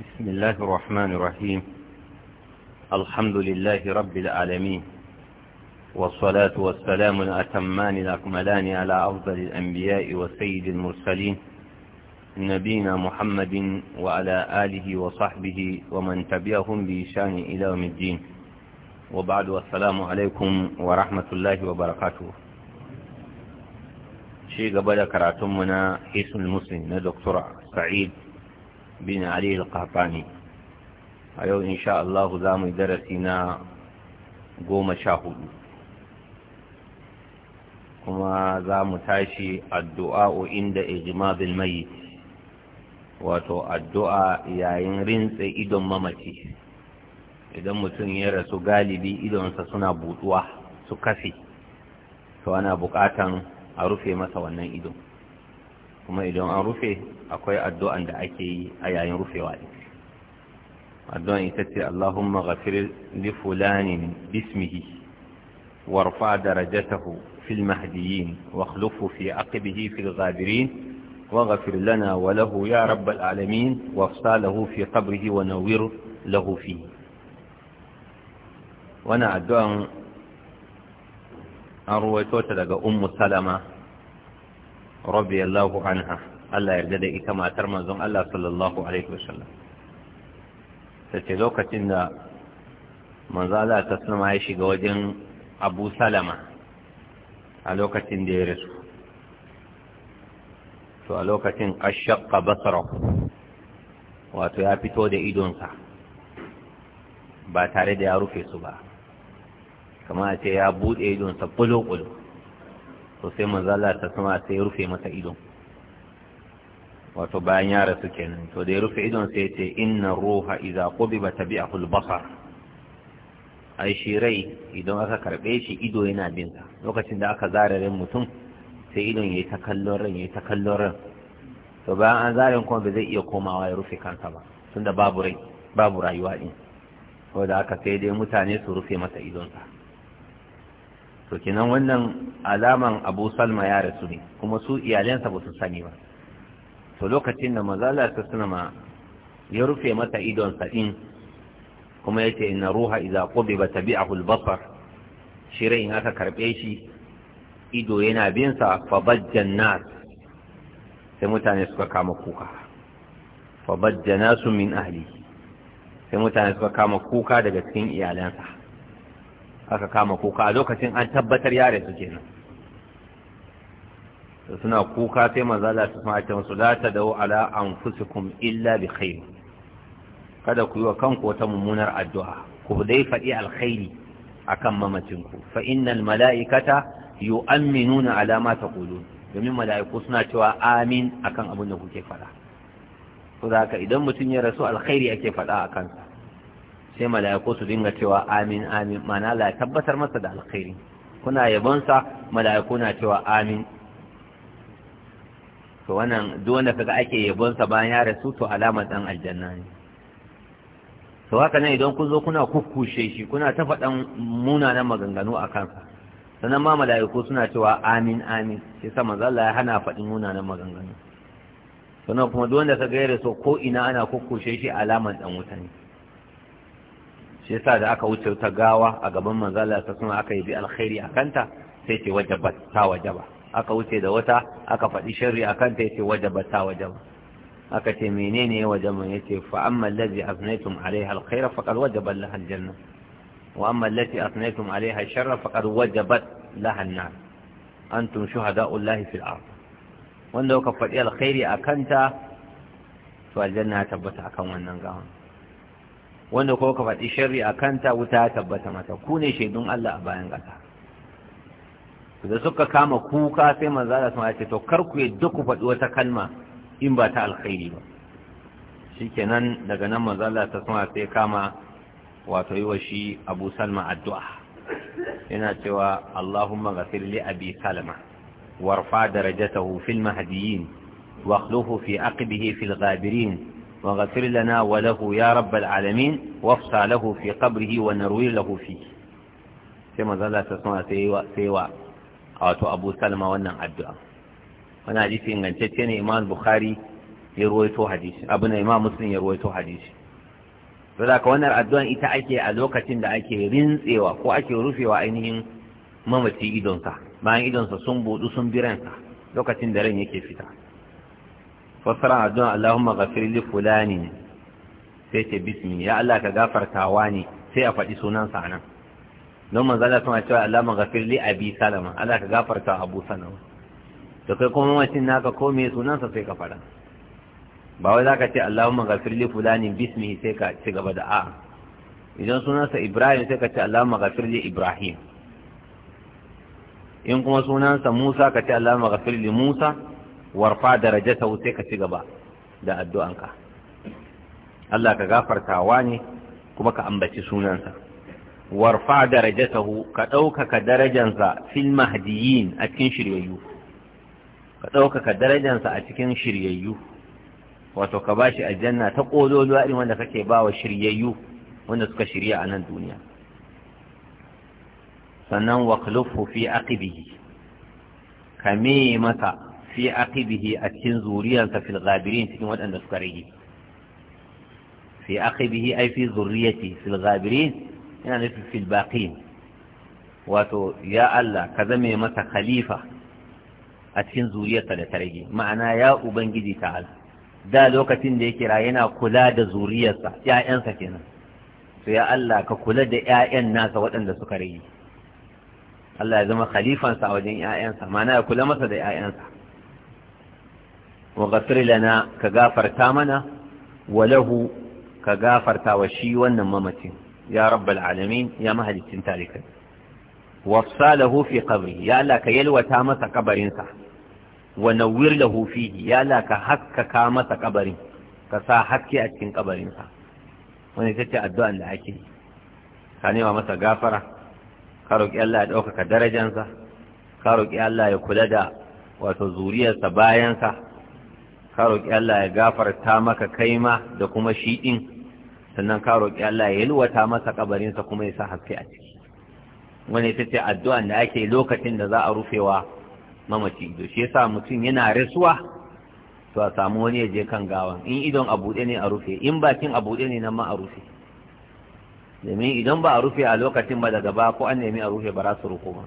بسم الله الرحمن الرحيم الحمد لله رب العالمين والصلاة والسلام الأتمان الأكملان على أفضل الأنبياء وسيد المرسلين نبينا محمد وعلى آله وصحبه ومن تبعهم بإشان إلى يوم الدين وبعد والسلام عليكم ورحمة الله وبركاته شيء قبل كراتمنا حسن المسلم دكتور سعيد bin Ali al-Qahtani a yau insha Allah za mu darasi na goma sha hudu kuma za mu tashi addu'a inda ijmabil mayyit wato addu'a yayin rintse idon mamaci idan mutum ya rasu galibi idonsa suna buɗuwa su kafe to ana bukatan a rufe masa wannan idon kuma idan an rufe akwai addu'an da ake yi a yayin rufewa ne addu'an ita ce Allahumma ghafir li fulanin bismihi warfa darajatahu fil mahdiyin wa khlufu fi aqibihi fil ghabirin واغفر لنا وله يا رب العالمين وافصاله في قبره ونوير له فيه addu'an an ruwaito ta daga ummu salama radiyallahu anha Allah yarda da ita matar manzon Allah sallallahu alaihi wasallam tace lokacin da manzo Allah ta sunama ya shiga wajen Abu Salama a lokacin da ya rasu to a lokacin ashaqqa basarahu wato ya fito da idonsa ba tare da ya rufe su ba kamar a ce ya buɗe idonsa bulo-bulo to sai manzala ta sama sai ya rufe masa idon wato bayan ya rasu kenan to da ya rufe idon sai ce inna ruha idza qubiba tabi'ahu al-basar ai shi rai idan aka karbe shi ido yana bin sa lokacin da aka zare ran mutum sai idon yayi ta kallon ran yayi ta kallon ran to bayan an zare kuma ba zai iya komawa ya rufe kansa ba tunda babu rai babu rayuwa din saboda aka sai dai mutane su rufe masa idon sa to kenan wannan alaman abu salma ya rasu ne kuma su iyalensa ba su sani ba to lokacin da mazala ta sunama ya rufe mata idon sa'in kuma ya ce ina ruha iza kobe ba ta a hulbafar shirai in aka karɓe shi ido yana binsa fabajjan nas sai mutane suka kama kuka fabajjan nasu min ahli sai mutane suka kama kuka daga cikin iyalansa aka kama kuka a lokacin an tabbatar yare su kenan suna kuka sai maza Allah su sama ta da, la tadau ala anfusikum illa bi kada ku yi wa kanku wata mummunar addu'a ku dai faɗi alkhairi akan mamacinku fa innal mala'ikata yu'minuna alama ta taqulun domin mala'iku suna cewa amin kan abin da kuke faɗa ko za haka idan mutum ya rasu alkhairi ake faɗa a kansa sai mala'iku su dinga cewa amin amin mana Allah ya tabbatar masa da alkhairi kuna yabonsa mala'iku na cewa amin to wannan duk wanda kaga ake yabonsa bayan ya rasu to alamar dan aljanna ne to haka ne idan kun zo kuna kukkushe shi kuna ta faɗan munanan maganganu a kansa sannan ma mala'iku suna cewa amin amin shi sa manzo Allah ya hana faɗin munanan maganganu sannan kuma duk wanda kaga ya rasu ko ina ana kukkushe shi alamar dan wuta ne shi yasa da aka wuce ta gawa a gaban manzala ta suna aka yi bi alkhairi a kanta sai ce wajabat ta wajaba aka wuce da wata aka faɗi sharri a kanta ya ce wajabat ta wajaba aka ce menene ya wajaba ya ce fa amma allazi asnaytum alaiha alkhaira faqad wajabat laha aljanna wa amma allati asnaytum alaiha sharra faqad wajabat laha an-nar antum shuhada'u allahi fil ard wanda kuka faɗi alkhairi a kanta to aljanna ta tabbata akan wannan gawan wanda kuma ka faɗi sharri a kanta wuta ya tabbata mata ku ne shaidun Allah a bayan ƙasa da suka kama kuka sai manzo Allah sun ce to kar ku yadda ku faɗi wata kalma in ba ta alkhairi ba shikenan daga nan manzo Allah ta sama sai kama wato yi wa shi Abu Salma addu'a yana cewa Allahumma ghafir li abi Salma warfa darajatahu fil mahdiyyin واخلفه في عقبه في الغابرين واغفر لنا وله يا رب العالمين وافصى له في قبره ونروي له sai mazala ta suna sai wa wato abu salama wannan addu’a wani hadisi ingancacce ne imam bukhari ya ruwaito hadisi abu na imam muslim ya ruwaito hadisi to ka wannan addu’an ita ake a lokacin da ake rintsewa ko ake rufewa ainihin mamaci idonsa bayan idonsa sun budu sun biransa lokacin da ran yake fita fasara addu'a Allahumma ghafir li fulani ne sai ce bismi ya Allah ka gafarta ne sai a faɗi sunan sa nan don manzo Allah kuma cewa Allahumma ghafir li abi salama Allah ka gafarta abu salama to kai kuma mamacin naka ko me sunan sa sai ka faɗa ba wai zaka ce Allahumma ghafir li fulani bismi sai ka ci gaba da a'a idan sunansa Ibrahim sai ka ce Allahumma ghafir li Ibrahim in kuma sunansa Musa ka ce Allahumma ghafir li Musa warfa darajata sai ka ci gaba da addu'anka Allah ka gafartawa ne kuma ka ambaci sunansa warfa darajatahu ka ɗaukaka darajansa fil mahdiyin a cikin shiryayyu ka ɗaukaka darajansa a cikin shiryayyu wato ka ba shi aljanna ta ƙololuwa irin wanda kake ba wa shiryayyu wanda suka shirya a nan duniya sannan wa fi aqibihi ka me masa fi aqibihi a cikin zuriyarsa fil ghabirin cikin waɗanda suka rage fi aqibihi ai fi zurriyati fil ghabirin yana nufin fil baqin wato ya Allah ka zame masa khalifa a cikin zuriyarsa da ta rage ma'ana ya ubangiji ta'ala da lokacin da ya kira yana kula da zuriyarsa ƴaƴansa kenan to ya Allah ka kula da ƴaƴan nasa waɗanda suka rage Allah ya zama khalifansa a wajen 'ya'yansa ma'ana ya kula masa da 'ya'yansa. وغفر لنا كغافرتا منا وله كغافرتا وشي ونممت يا رب العالمين يا مهل التنتالك وصاله في قبره يا لك يلوى تامس قبر صح ونور له فيه يا لك حك كامس قبر كسا حكي أتكن قبر صح ونسيت الدعاء لأكي كان يوم مسا غافرة كاروك يلا أدعوك كدرجا صح كاروك يلا يكولد وتزورية سبايا صح ka roƙi Allah ya gafarta maka kai ma da kuma shi ɗin sannan ka roƙi Allah ya yalwata masa ƙabarinsa kuma ya sa haske a ciki wani ita ce addu'an da ake lokacin da za a rufewa mamaci to shi yasa mutum yana rasuwa to a samu wani ya je kan gawan in idon a buɗe ne a rufe in bakin a buɗe ne nan ma a rufe domin idan ba a rufe a lokacin ba daga ba ko an nemi a rufe ba za su ruku ba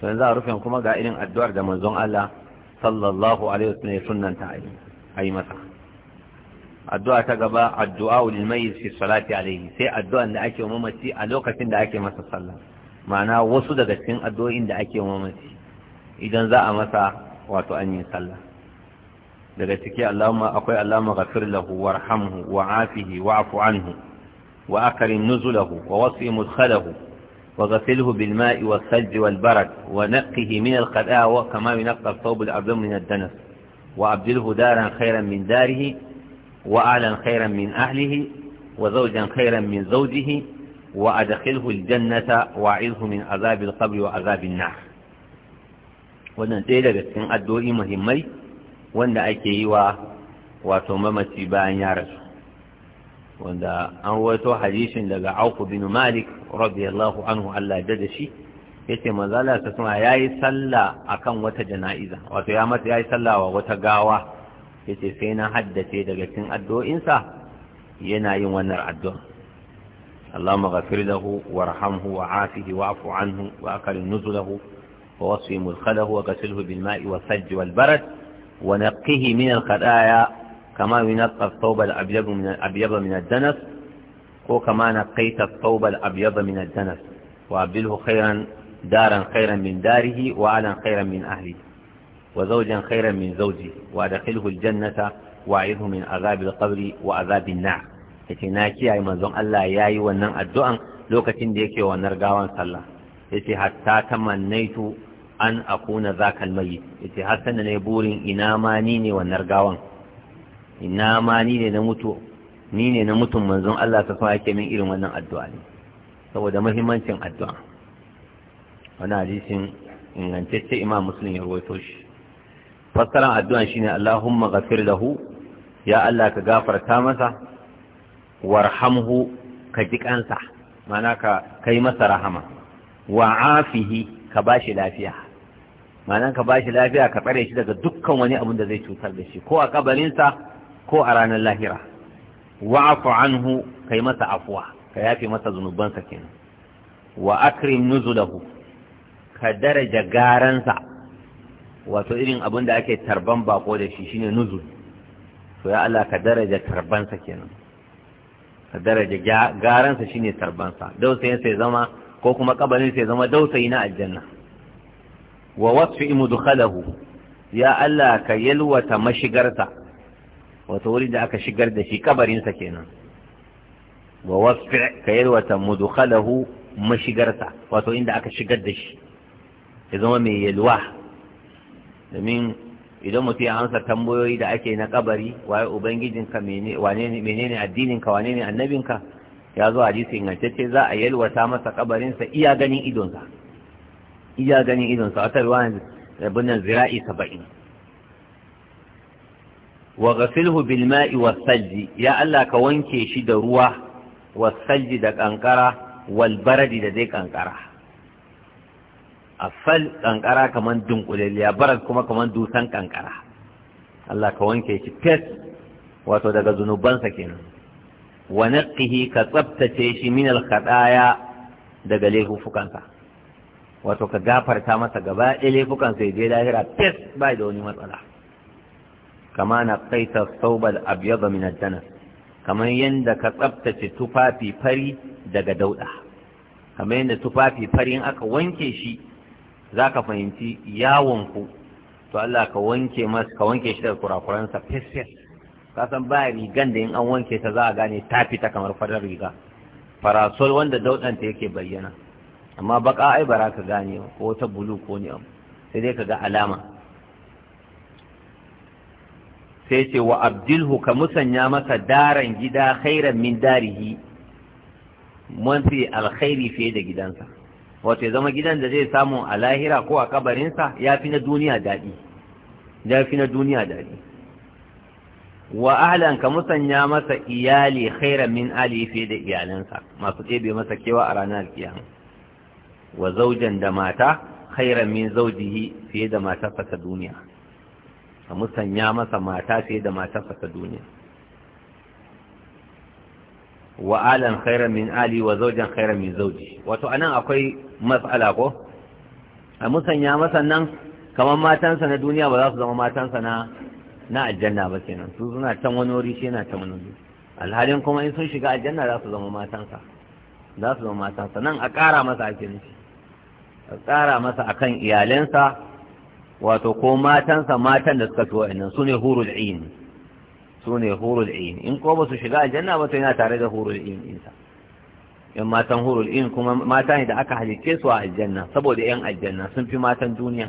to yanzu a rufe kuma ga irin addu'ar da manzon Allah sallallahu alaihi wasallam ya sunanta a yi أي مثلا الدعاء تقبى الدعاء للميز في الصلاة عليه سي الدعاء عند أكي ومامتي ألوك سين إن أكي مثلا صلى معنى وصدق دا سين إن عند أكي ومامتي إذا ذا أمسا واتو أني صلى لغتكي اللهم أقوي اللهم غفر له وارحمه وعافه وعفو عنه وأكرم نزله ووصي مدخله وغسله بالماء والثلج والبرد ونقه من القذاء وكما ينقى الثوب الأرض من الدنس وأبدله دارا خيرا من داره وأهلا خيرا من أهله وزوجا خيرا من زوجه وأدخله الجنة وأعذه من عذاب القبر وعذاب النار wannan ɗaya daga cikin addu'o'i muhimmai wanda ake yi wa wato mamaci bayan ya rasu wanda an wato hadisin daga auku bin malik radiyallahu anhu Allah da shi ya ce yace manzo Allah ta suma yayi sallah akan wata jana'iza wato ya mata yayi sallah wa wata gawa ya ce sai na haddace daga cin addoinsa yana yin wannan addu'a Allahumma ghafir lahu warhamhu wa'afihi wa'fu anhu wa akrim nuzulahu wa wasfi mulkhalahu wa ghasilhu bil ma'i wa sajj wal barad wa naqqihi min al khataaya kama yunqqa ath-thawb al abyad min al abyad min ad-danas ko kama naqqaita ath-thawb al abyad min ad-danas wa abilhu khayran دارا خيرا من داره وعلا خيرا من أهله وزوجا خيرا من زوجه وادخله الجنة وعيده من عذاب القبر وعذاب النار yace na kiyaye manzon Allah ya yi wannan addu'an lokacin da yake wannan gawan sallah yace hatta tamannaitu an akuna zakal mayyit yace har sanan ne burin ina ma ni ne wannan gawan ina ma ni ne na mutu ni ne na mutum manzon Allah ta sa yake min irin wannan addu'a ne saboda muhimmancin addu'a wani hadisin ingantacce imam muslim ya rawaito shi fassaran addu'an shine Allahumma ghafir lahu ya Allah ka gafarta masa warhamhu ka ji kansa mana ka kai masa rahama wa afihi ka bashi lafiya mana ka bashi lafiya ka tsare shi daga dukkan wani abu da zai cutar da shi ko a kabarinsa ko a ranar lahira wa anhu kai masa afuwa ka yafe masa zunubansa kenan wa akrim nuzulahu ka daraja garansa wato irin abin da ake tarban bako da shi shine nuzul to ya Allah ka daraja tarbansa kenan ka daraja garansa shine tarbansa dausayin sai zama ko kuma kabarin sai zama dausayi na aljanna wa wasfi mudkhalahu ya Allah ka yalwata mashigarsa wato wuri da aka shigar da shi kabarinsa kenan wa wasfi ka yalwata mudkhalahu mashigarsa wato inda aka shigar da shi ya zama mai yalwa domin idan mutum ya amsa tambayoyi da ake na kabari waye ubangijinka menene addininka wane ne annabinka ya zo hadisi ingantacce za a yalwata masa kabarinsa iya ganin idonsa iya ganin idonsa a tarwa abin nan zira'i saba'in wa ghasilhu bil ma'i salji ya Allah ka wanke shi da ruwa wa salji da kankara wal baradi da zai kankara A afal kankara kaman dunkuleliya baras kuma kaman dusan kankara Allah ka wanke shi fes wato daga zunubansa kenan wa naqihi ka tsabtace shi min al khadaya daga laifukansa wato ka gafarta masa gaba ɗaya laifukansa ya je lahira fes ba da wani matsala kama na kaita saubal abyada min ad-danas kamar yanda ka tsabtace tufafi fari daga dauda kamar yanda tufafi fari aka wanke shi za ka fahimci yawonku to Allah ka wanke masu ka wanke shi da kurakuransa fesfes ka san ba rigan da in an wanke ta za a gane ta fita kamar farar riga farasol wanda daudanta yake bayyana amma baka ai ba ka gane ko ta bulu ko ne abu sai dai ka ga alama sai ce wa Abdulhu ka musanya masa daran gida khairan min darihi mun fi alkhairi fiye da gidansa wato ya zama gidan da zai samu a lahira ko a kabarinsa ya fi na duniya daɗi ya fi na duniya daɗi wa ahlan ka musanya masa iyali khairan min ali fiye da iyalansa masu ɗebe masa kewa a ranar kiyan wa zaujan da mata khairan min zaujihi fiye da matarsa ta duniya ka musanya masa mata fiye da matarsa ta duniya wa alan khairan min ali wa zawjan khairan min zawji wato anan akwai matsala ko a musanya nan kamar matansa na duniya ba za su zama matansa na na aljanna ba kenan su suna can wani wuri shi yana can wani wuri alhalin kuma in sun shiga aljanna za su zama matansa za su zama matansa nan a ƙara masa ake nufi a ƙara masa akan iyalansa wato ko matansa matan da suka fi wa'annan su ne hurul ayn su ne hurul in ko ba su shiga aljanna ba to yana tare da hurulin in insa yan matan hurul'in kuma mata ne da aka halicce su a aljanna saboda yan aljanna sun fi matan duniya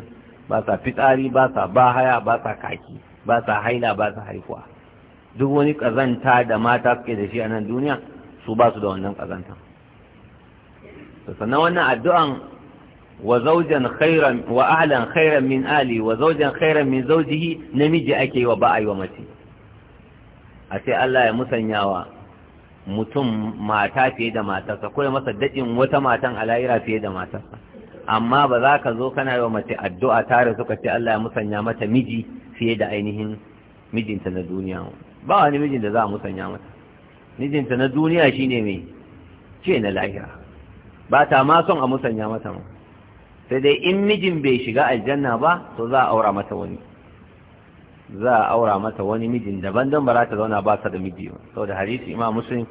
ba sa fitsari ba sa bahaya ba sa kaki ba sa haila ba sa haifuwa duk wani kazanta da mata suke da shi a nan duniya su ba su da wannan kazanta sannan wannan addu'an wa zaujan khairan wa ahlan khairan min ali wa zaujan khairan min zawjihi namiji ake yi wa ba wa mace a ce Allah ya musanyawa mutum mata fiye da matarsa ko ya masa daɗin wata matan a la'ira fiye da matarsa amma ba za ka zo kana yi wa mace addu'a tare suka ce Allah ya musanya mata miji fiye da ainihin mijinta na duniya ba wani mijin da za a musanya mata mijinta na duniya shine mai ce na lahira ba ta ma son a musanya mata ma sai dai in mijin bai shiga aljanna ba to za a aura mata wani za a aura mata wani mijin daban don ba za ta zauna ba ta da miji ba da hadisi ima muslim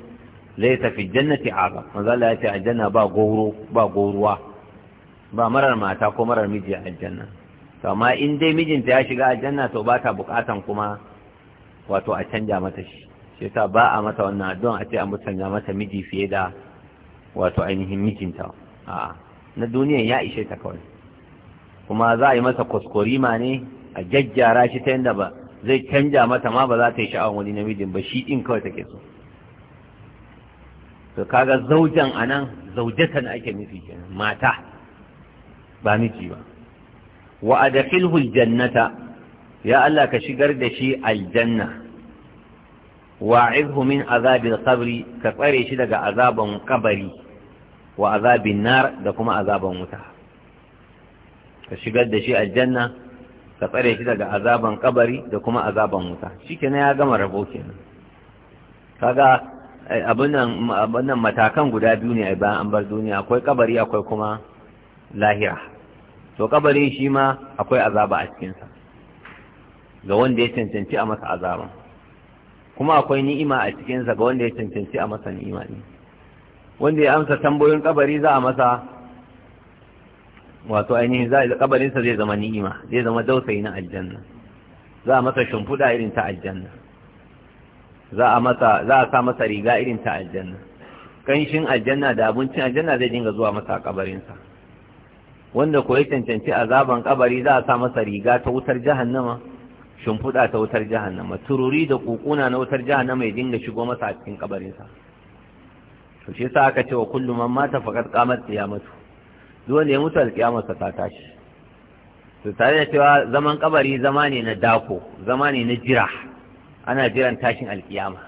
zai tafi jannati azam manzo ya ce aljanna ba goro ba goruwa ba marar mata ko marar miji a aljanna to amma in dai mijinta ya shiga aljanna to ba ta bukatan kuma wato a canja mata shi shi ta ba a mata wannan don a ce an canja mata miji fiye da wato ainihin mijinta a na duniyan ya ishe ta kawai kuma za a yi masa kuskurima ne a jajjara shi ta yadda ba zai canja mata ma ba za ta yi sha'awar wani namijin ba shi ɗin kawai take so to kaga zaujan anan zaujatan ake nufi kenan mata ba miji ba wa adkhilhu jannata, ya Allah ka shigar da shi aljanna wa'idhu min azabil qabri ka tsare shi daga azaban kabari wa azabin nar da kuma azaban wuta ka shigar da shi aljanna ka tsare shi daga azaban kabari da kuma azaban wuta shikenan ya gama rabo kenan kaga eh, abinnan matakan guda biyu ne bayan an bar duniya akwai kabari akwai kuma lahira to kabari shi ma akwai azaba a cikinsa ga wanda ya cancanci a masa azaban kuma akwai ni'ima a cikinsa ga wanda ya cancanci a masa ni'ima ne wanda ya amsa tambayoyin kabari za a masa wato ainihin za a kabarinsa zai zama ni'ima zai zama dausayi na aljanna za a masa shimfuda irin ta aljanna za a masa za a sa masa riga irin ta aljanna kanshin aljanna da abincin aljanna zai dinga zuwa masa kabarinsa wanda ko ya cancanci azaban kabari za a sa masa riga ta wutar jahannama shimfuda ta wutar jahannama tururi da kukuna na wutar jahannama ya dinga shigo masa a cikin kabarinsa to shi yasa aka ce wa kullum man mata faqad qamat qiyamatu dole ya mutu alƙiyamarsa ta tashi to tare da cewa zaman kabari zama ne na dako zama ne na jira ana jiran tashin alƙiyama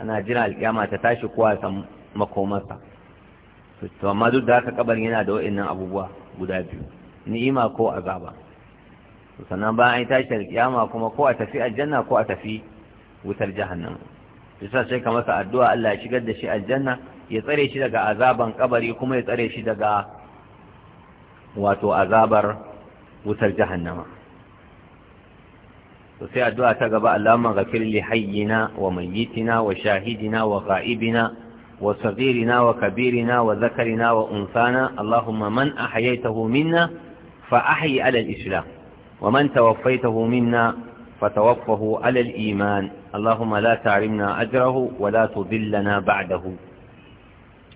ana jiran alƙiyama ta tashi kowa san makomarsa to amma duk da haka kabarin yana da wa'annan abubuwa guda biyu ni'ima ko azaba sannan bayan an tashi alƙiyama kuma ko a tafi aljanna ko a tafi wutar jahannama yasa sai ka masa addu'a Allah ya shigar da shi aljanna ya tsare shi daga azaban kabari kuma ya tsare shi daga wato azabar wutar jahannama to sai addu'a ta gaba Allahumma ghafir li hayyina wa mayyitina wa shahidina wa ghaibina wa saghirina wa kabirina wa zakarina wa unsana Allahumma man ahyaytahu minna fa ahyi ala al-islam wa man tawaffaytahu minna فتوفه على الإيمان اللهم لا تعرمنا أجره ولا تضلنا بعده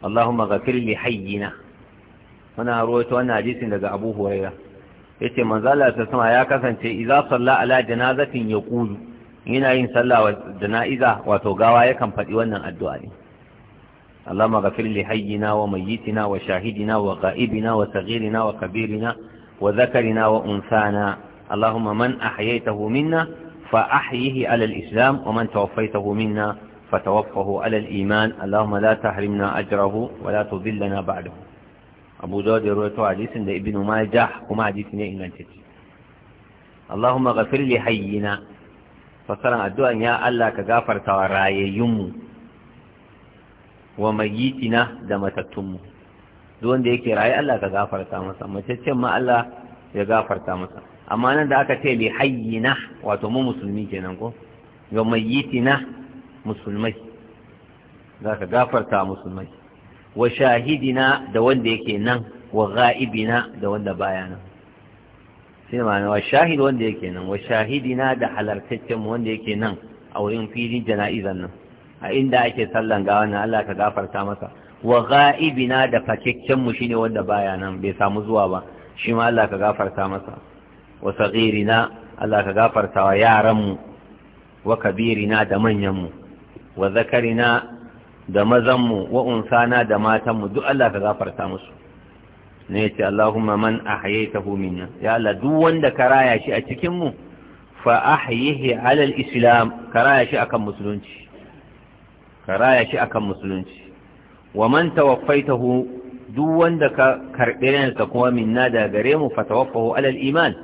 Allahumma ghafir li hayyina muna ruwaito wannan hadisin daga Abu Huraira yace manzo Allah ta sama ya kasance idza salla ala janazatin yaqulu yana yin sallah wa janaiza wato gawa yakan faɗi wannan addu'a ne Allahumma ghafir li hayyina wa mayyitina wa shahidina wa ghaibina wa saghirina wa kabirina wa dhakarina wa unsana Allahumma man ahyaytahu minna fa ahyihi ala al-islam wa man tawaffaytahu minna فتوفه على الإيمان اللهم لا تحرمنا أجره ولا تذلنا بعده أبو داود رويته حديث ده ابن ماجه وما حديثنا إن أنت اللهم غفر لحينا فصلا الدعاء يا الله كغافر ترايم وميتنا دمتتم دون da yake raye Allah ka gafarta masa macaccen ma Allah ya gafarta masa amma nan da aka ce li hayyina wato mu musulmi kenan ko yawmayyitina musulmai za ka gafarta musulmai wa shahidina da wanda yake nan wa ga'ibina da wanda baya nan sai ma ma'ana wa shahid wanda yake nan wa shahidina da halartaccen wanda yake nan a wurin filin jana'izan nan a inda ake sallan gawa na Allah ka gafarta masa wa ga'ibina da fakakken mu shine wanda baya nan bai samu zuwa ba shi ma Allah ka gafarta masa wa sagirina Allah ka gafarta wa yaran mu wa kabirina da manyan mu wa zakarina da mazanmu wa unsana da matanmu duk Allah ka gafarta musu ne yace Allahumma man ahyaytahu minna ya Allah duk wanda ka raya shi a cikin mu fa ahyihi ala al-islam ka raya shi akan musulunci ka raya shi akan musulunci wa man tawaffaytahu duk wanda ka karbi ransa kuma minna da gare mu fa tawaffahu ala al-iman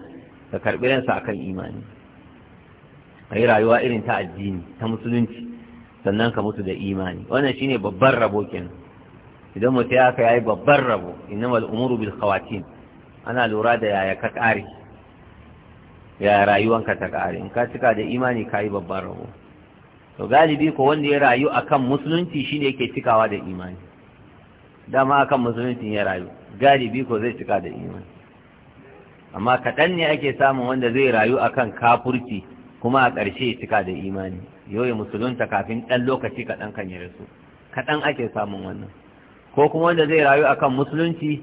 ka karbi ransa akan imani ayi rayuwa irin ta addini ta musulunci sannan ka mutu da imani wannan shine babban rabo kenan idan mutum ya kai yi babban rabo wal umuru bil khawatin ana lura da yaya ka kare ya rayuwanka ta kare in ka cika da imani ka yi babban rabo to galibi ko wanda ya rayu akan musulunci shine yake cikawa da imani dama akan musulunci ya rayu galibi ko zai cika da imani amma kaɗan ne ake samun wanda zai rayu akan kafurci kuma a ƙarshe cika da imani yoyi musulunta kafin ɗan lokaci kaɗan kan yi rasu kaɗan ake samun wannan ko kuma wanda zai rayu a kan musulunci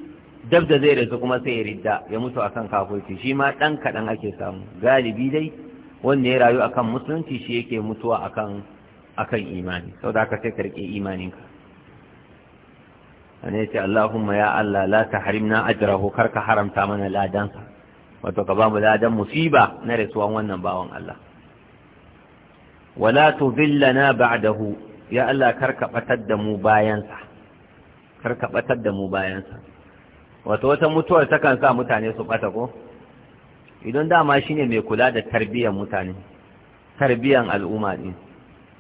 dab da zai rasu kuma sai ya ridda ya mutu a kan kafirci shi ma ɗan kaɗan ake samu galibi dai wanda ya rayu a kan musulunci shi yake mutuwa akan akan imani sau da aka sai karke imaninka wani ya ce Allahumma ya Allah la ta harimna ajrahu kar ka haramta mana ladansa wato ka ba mu ladan musiba na rasuwan wannan bawan Allah wala tudillana ba'dahu ya Allah karka batar da mu bayansa karka batar da mu bayansa wato wata mutuwar takan sa mutane su bata ko idan dama shine mai kula da tarbiyyar mutane tarbiyyar al'umma din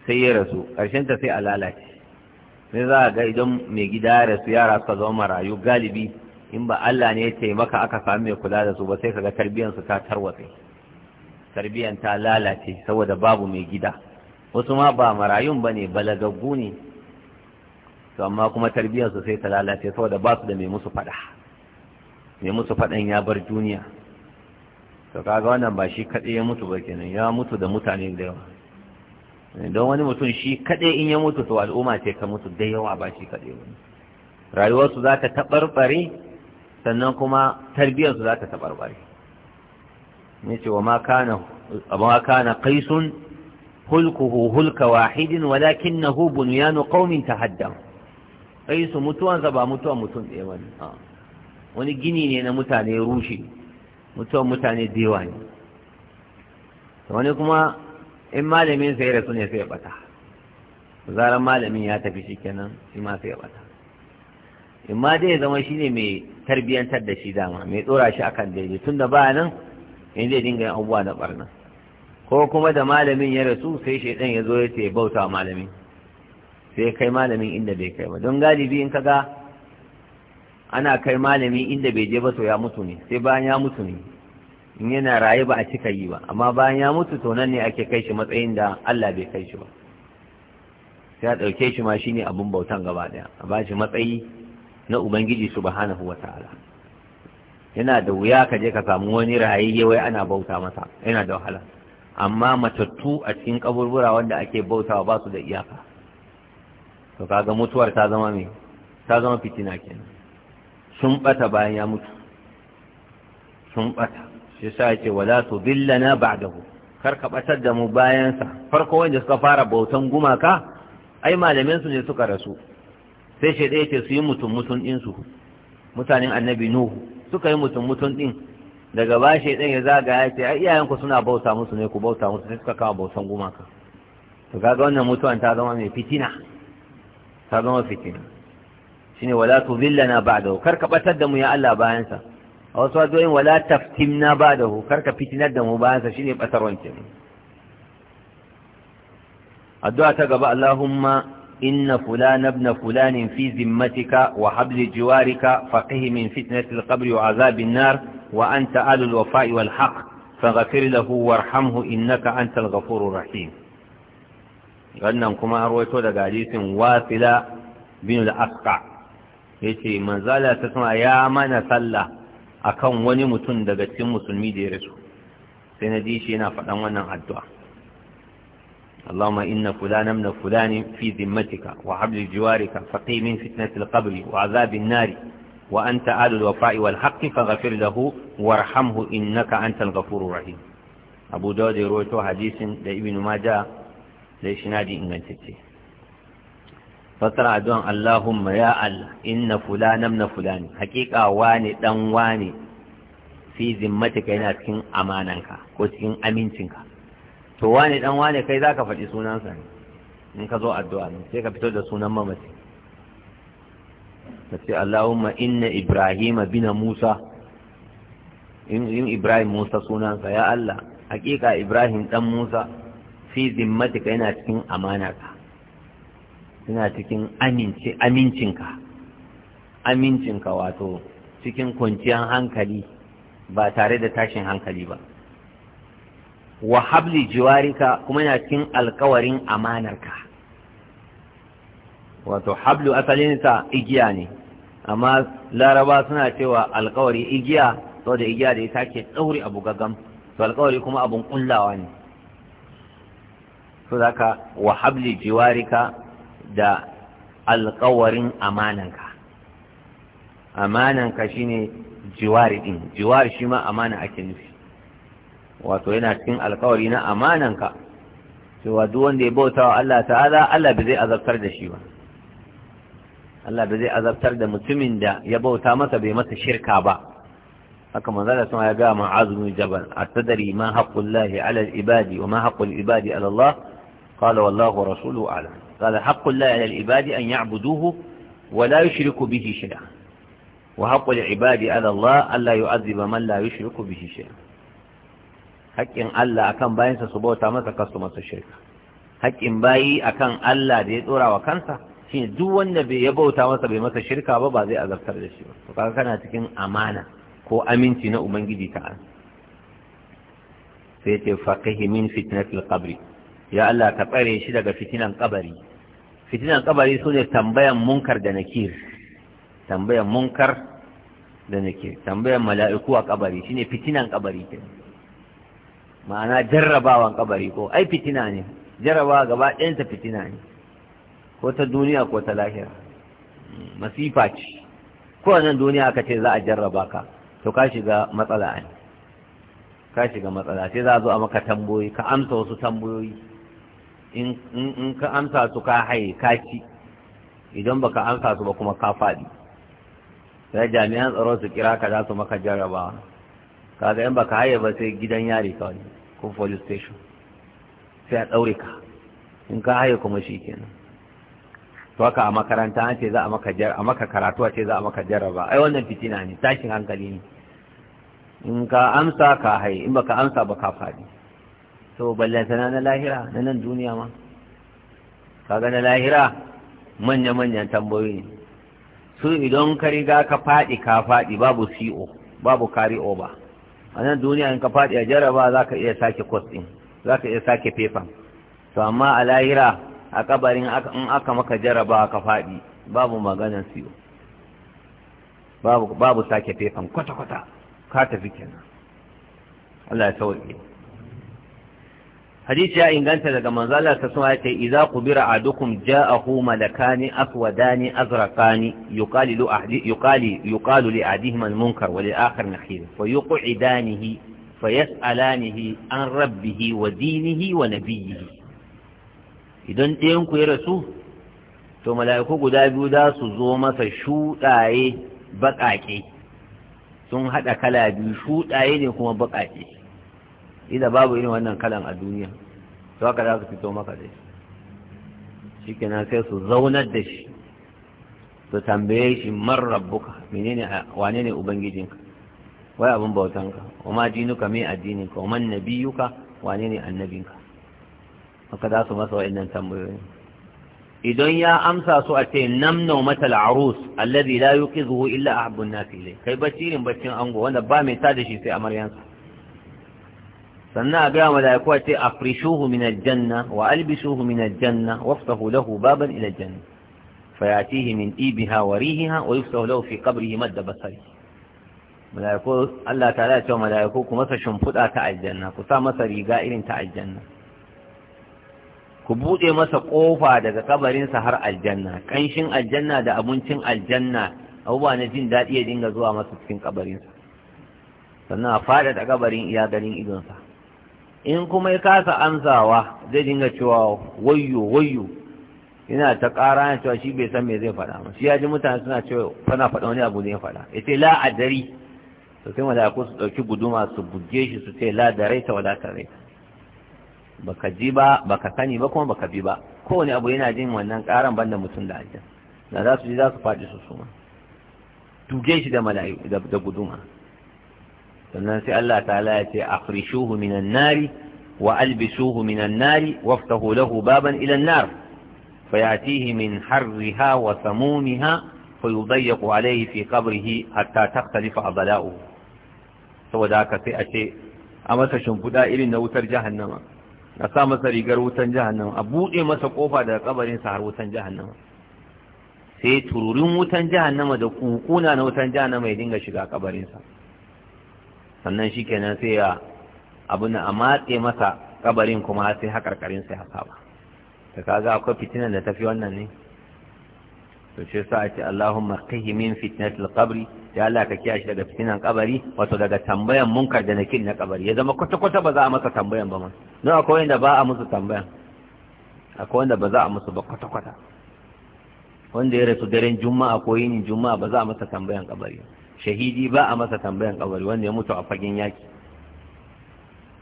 sai ya rasu ƙarshen ta sai a lalace sai za ga idan mai gida ya rasu yara suka zama marayu galibi in ba Allah ne ya taimaka aka samu mai kula da su ba sai kaga tarbiyyar su ta tarwatse tarbiyan ta lalace saboda babu mai gida wasu ma ba marayun ba ne balagaggu ne to amma kuma tarbiyyarsu sai ta lalace saboda ba su da mai musu faɗa mai musu faɗan ya bar duniya to kaga wannan ba shi kaɗai ya mutu ba kenan ya mutu da mutane da yawa don wani mutum shi kaɗai in ya mutu to al'umma ce ka mutu da yawa ba shi wani rayuwarsu za ta taɓarɓare sannan kuma tarbiyyarsu za ta taɓarɓare yace wa ma kana amma kana qaisun hulkuhu hulka wahidin walakinahu bunyanu qaumin tahaddam qaisu mutuwan sa ba mutuwan mutum ɗaya bane wani gini ne na mutane rushe mutuwan mutane da ne wani kuma in malamin sai rasu ne sai ya bata zaran malamin ya tafi shi kenan shi ma sai ya bata in ma dai zama shine mai tarbiyantar da shi dama mai tsora shi akan daidai tunda ba nan in zai dinga yin abubuwa da barna ko kuma da malamin ya rasu sai shaidan ya zo ya ce bauta malamin sai kai malamin inda bai kai ba don galibi in kaga ana kai malami inda bai je ba to ya mutu ne sai bayan ya mutu ne in yana raye ba a cika yi ba amma bayan ya mutu to nan ne ake kai shi matsayin da Allah bai kai shi ba sai a ɗauke shi ma shine abun bautan gaba ɗaya a ba shi matsayi na ubangiji subhanahu wataala yana da wuya ka je ka samu wani ra'ayi wai ana bauta masa yana da wahala amma matattu a cikin kaburbura wanda ake bautawa ba su da iyaka to kaga mutuwar ta zama mai, ta zama fitina kenan sun bata bayan ya mutu sun bata shi yasa yake wala billana ba'dahu kar ka batar da mu bayan sa farko wanda suka fara bautan gumaka ai malamin su ne suka rasu sai shi da su yi mutum mutun din su mutanen annabi nuhu suka yi mutum mutum din daga ba shaidan ya zaga ya ce ai iyayenku suna bauta musu ne ku bauta musu sai suka kawo bautan gumaka to kaga wannan mutuwan ta zama mai fitina ta zama fitina shine wala tudillana ba'dahu kar ka batar da mu ya Allah bayan sa a wasu wadoyin wala taftimna ba'dahu kar ka fitinar da mu bayan sa shine batarwan kenan addu'a ta gaba Allahumma إن فلان ابن فلان في ذمتك وحبل جوارك فقه من فتنة القبر وعذاب النار وأنت آل الوفاء والحق فغفر له وارحمه إنك أنت الغفور الرحيم غنم كما أرويته لقاليس واثلة بن الأسقع يتي من زال تسمع يا من سلى أكون ونمتن دقتين مسلمي ديرسو سنديشينا فأنا ونم الدعاء اللهم إن فلانا من فلان في ذمتك وحبل جوارك فقي من فتنة القبر وعذاب النار وأنت آل الوفاء والحق فغفر له وارحمه إنك أنت الغفور الرحيم أبو داود رويته حديث لابن ماجه لإشنادي إن تتي فترى دون اللهم يا الله إن فلانا من فلان حقيقة واني دن واني في ذمتك يناتكين أمانك وتكين أمينتك to wane dan wane kai za ka faɗi sunansa ne in ka zo addu'a ne sai ka fito da sunan mamaci Ta ce Allahumma inna Ibrahim bina Musa in Ibrahim Musa sunansa ya Allah hakika Ibrahim dan Musa fi zimmatika yana cikin amanarka yana cikin aminci amincinka amincinka wato cikin kwanciyar hankali ba tare da tashin hankali ba wa habli jiwarika kuma yana cikin alkawarin amanarka wato hablu asalin asalinsa igiya ne amma laraba suna cewa alkawari igiya da igiya da ya ke tsauri abu gaggam to alkawari kuma abun kullawa ne so zaka wa habli jiwarika da alkawarin amananka amananka shine jiwari din jiwar shi ma amana ake nufi wato yana cikin alkawari na amananka cewa duk wanda ya bauta wa Allah ta'ala Allah zai azabtar da shi ba Allah zai azabtar da mutumin da ya bauta masa bai masa shirka ba haka manzo da ya ga ma azmi jabal atadari ma haqqullahi ala al-ibadi wa ma haqqul ibadi ala Allah qala wallahu wa rasuluhu a'lam qala haqqullahi ala al-ibadi an ya'buduhu wa la yushriku bihi shay'an ibadi Allah alla yu'adhiba man la yushriku haƙƙin Allah akan bayansa su bauta masa kasu masa shirka haƙƙin bayi akan Allah da ya tsora wa kansa shi duk wanda bai ya bauta masa bai masa shirka ba ba zai azabtar da shi ba to kaga kana cikin amana ko aminci na ubangiji ta an sai ce faqihi min fitnatil qabri ya Allah ka tsare shi daga fitinan kabari fitinan kabari sune tambayan munkar da nakir tambayan munkar da nake tambayan mala'iku a kabari shine fitinan kabari kenan ma'ana jarrabawan kabari ko ai fitina ne jarrabawa gaba ɗayansa fitina ne ko ta duniya ko ta lahira masifa ce ko nan duniya aka ce za a jarraba ka to ka shiga matsala ne ka shiga matsala sai za a zo a maka tamboyi ka amsa wasu tamboyi in ka amsa su ka haye ka ci idan baka amsa su ba kuma ka faɗi sai jami'an tsaro su kira ka za su maka jarrabawa kaga yan baka haye ba sai gidan yari kawai ko police station sai a daure ka in ka haye kuma shikenan to haka a makaranta an ce za a maka jar a maka karatu a ce za a maka jarraba ai wannan fitina ne tashin hankali ne in ka amsa ka haye in baka amsa ba ka fadi balle sana na lahira na nan duniya ma kaga na lahira manya-manyan tambayoyi ne su idan ka riga ka faɗi ka faɗi babu co babu kari over a nan duniya in ka faɗi a jaraba za ka iya sake kwas ɗin za ka iya sake fefan to amma a lahira a kabarin in aka maka jaraba ka faɗi babu maganan siyo babu sake fefan kwata-kwata ka tafi kenan Allah ya sauke hadisi ya inganta daga manzala ta suna ya ce idza qubira adukum ja'ahu malakani aswadani azraqani yuqalu ahli yuqali yuqalu li ahdihima al wa lil nakhir fa yuq'idanihi fa yas'alanihi an rabbihi wa dinihi wa nabiyhi idan ɗayan ku ya rasu to mala'iku guda biyu za su zo masa shuɗaye baƙaƙe sun haɗa kala biyu shuɗaye ne kuma baƙaƙe idan babu irin wannan kalan a duniya to haka za ka fito maka dai. shi sai su zaunar da shi su tambaye shi man rabbuka menene wane ne ubangijinka wai abin bautanka wa ma dinuka me addininka wa man nabiyuka wane ne annabinka haka za su masa wa'annan tambayoyi idan ya amsa su a ce namnau matal arus alladhi la yuqidhu illa ahabbun nas ilay kai bacci irin baccin ango wanda ba mai da shi sai amaryansa sannan a gaya mala'iku a ce afrishuhu min aljanna wa albisuhu min aljanna waftahu lahu baban ila aljanna fayatihi min ibiha wa ha, wa yuftahu lahu fi qabrihi da basari mala'iku Allah ta ya mala'iku ku masa shimfiɗa ta aljanna ku sa masa riga irin ta aljanna ku buɗe masa ƙofa daga kabarinsa har aljanna ƙanshin aljanna da abincin aljanna abubuwa na jin daɗi ya dinga zuwa masa cikin kabarinsa sannan a faɗaɗa kabarin iya ganin idonsa in kuma ya kasa amsawa zai dinga cewa wayyo wayyo ina ta ƙara na cewa shi bai san me zai faɗa ba shi ya ji mutane suna cewa fana faɗa wani abu ne ya faɗa ya ce la dari, to sai malaku su ɗauki guduma su buge shi su ce la darai ta wala Ba baka ji ba baka sani ba kuma baka bi ba kowane abu yana jin wannan ƙaran banda mutum da aljan na za su ji za su faɗi su suma tuge shi da da guduma sannan sai Allah ta'ala ya ce firishuhu minan nari wa albisuhu minan nari Wafta hulahu baban ila nar fayatihi min harriha wa samumiha fayudayyaqu alaihi fi qabrihi hatta takhtalifa bala'u. saboda haka sai a ce a masa shimfiɗa irin na wutar jahannama a sa masa rigar wutan jahannama a buɗe masa kofa daga kabarin sa har wutan jahannama sai tururin wutan jahannama da kukuna na wutan jahannama ya dinga shiga kabarin sa sannan shi kenan sai ya na a matse masa kabarin kuma sai haƙarƙarin sai haka ba ta kaga akwai fitinan da tafi wannan ne to shi sa ce Allahumma qihi min fitnatil qabri ya Allah ka kiyaye daga fitinan kabari wato daga tambayan munkar da nakin na kabari ya zama kwata kwata ba za a masa tambayan ba ma don akwai wanda ba a musu tambayan akwai wanda ba za a musu ba kwata kwata wanda ya rasu daren juma'a ko yinin juma'a ba za a masa tambayan kabari ba shahidi ba a masa tambayan kabari wanda ya mutu a fagen yaki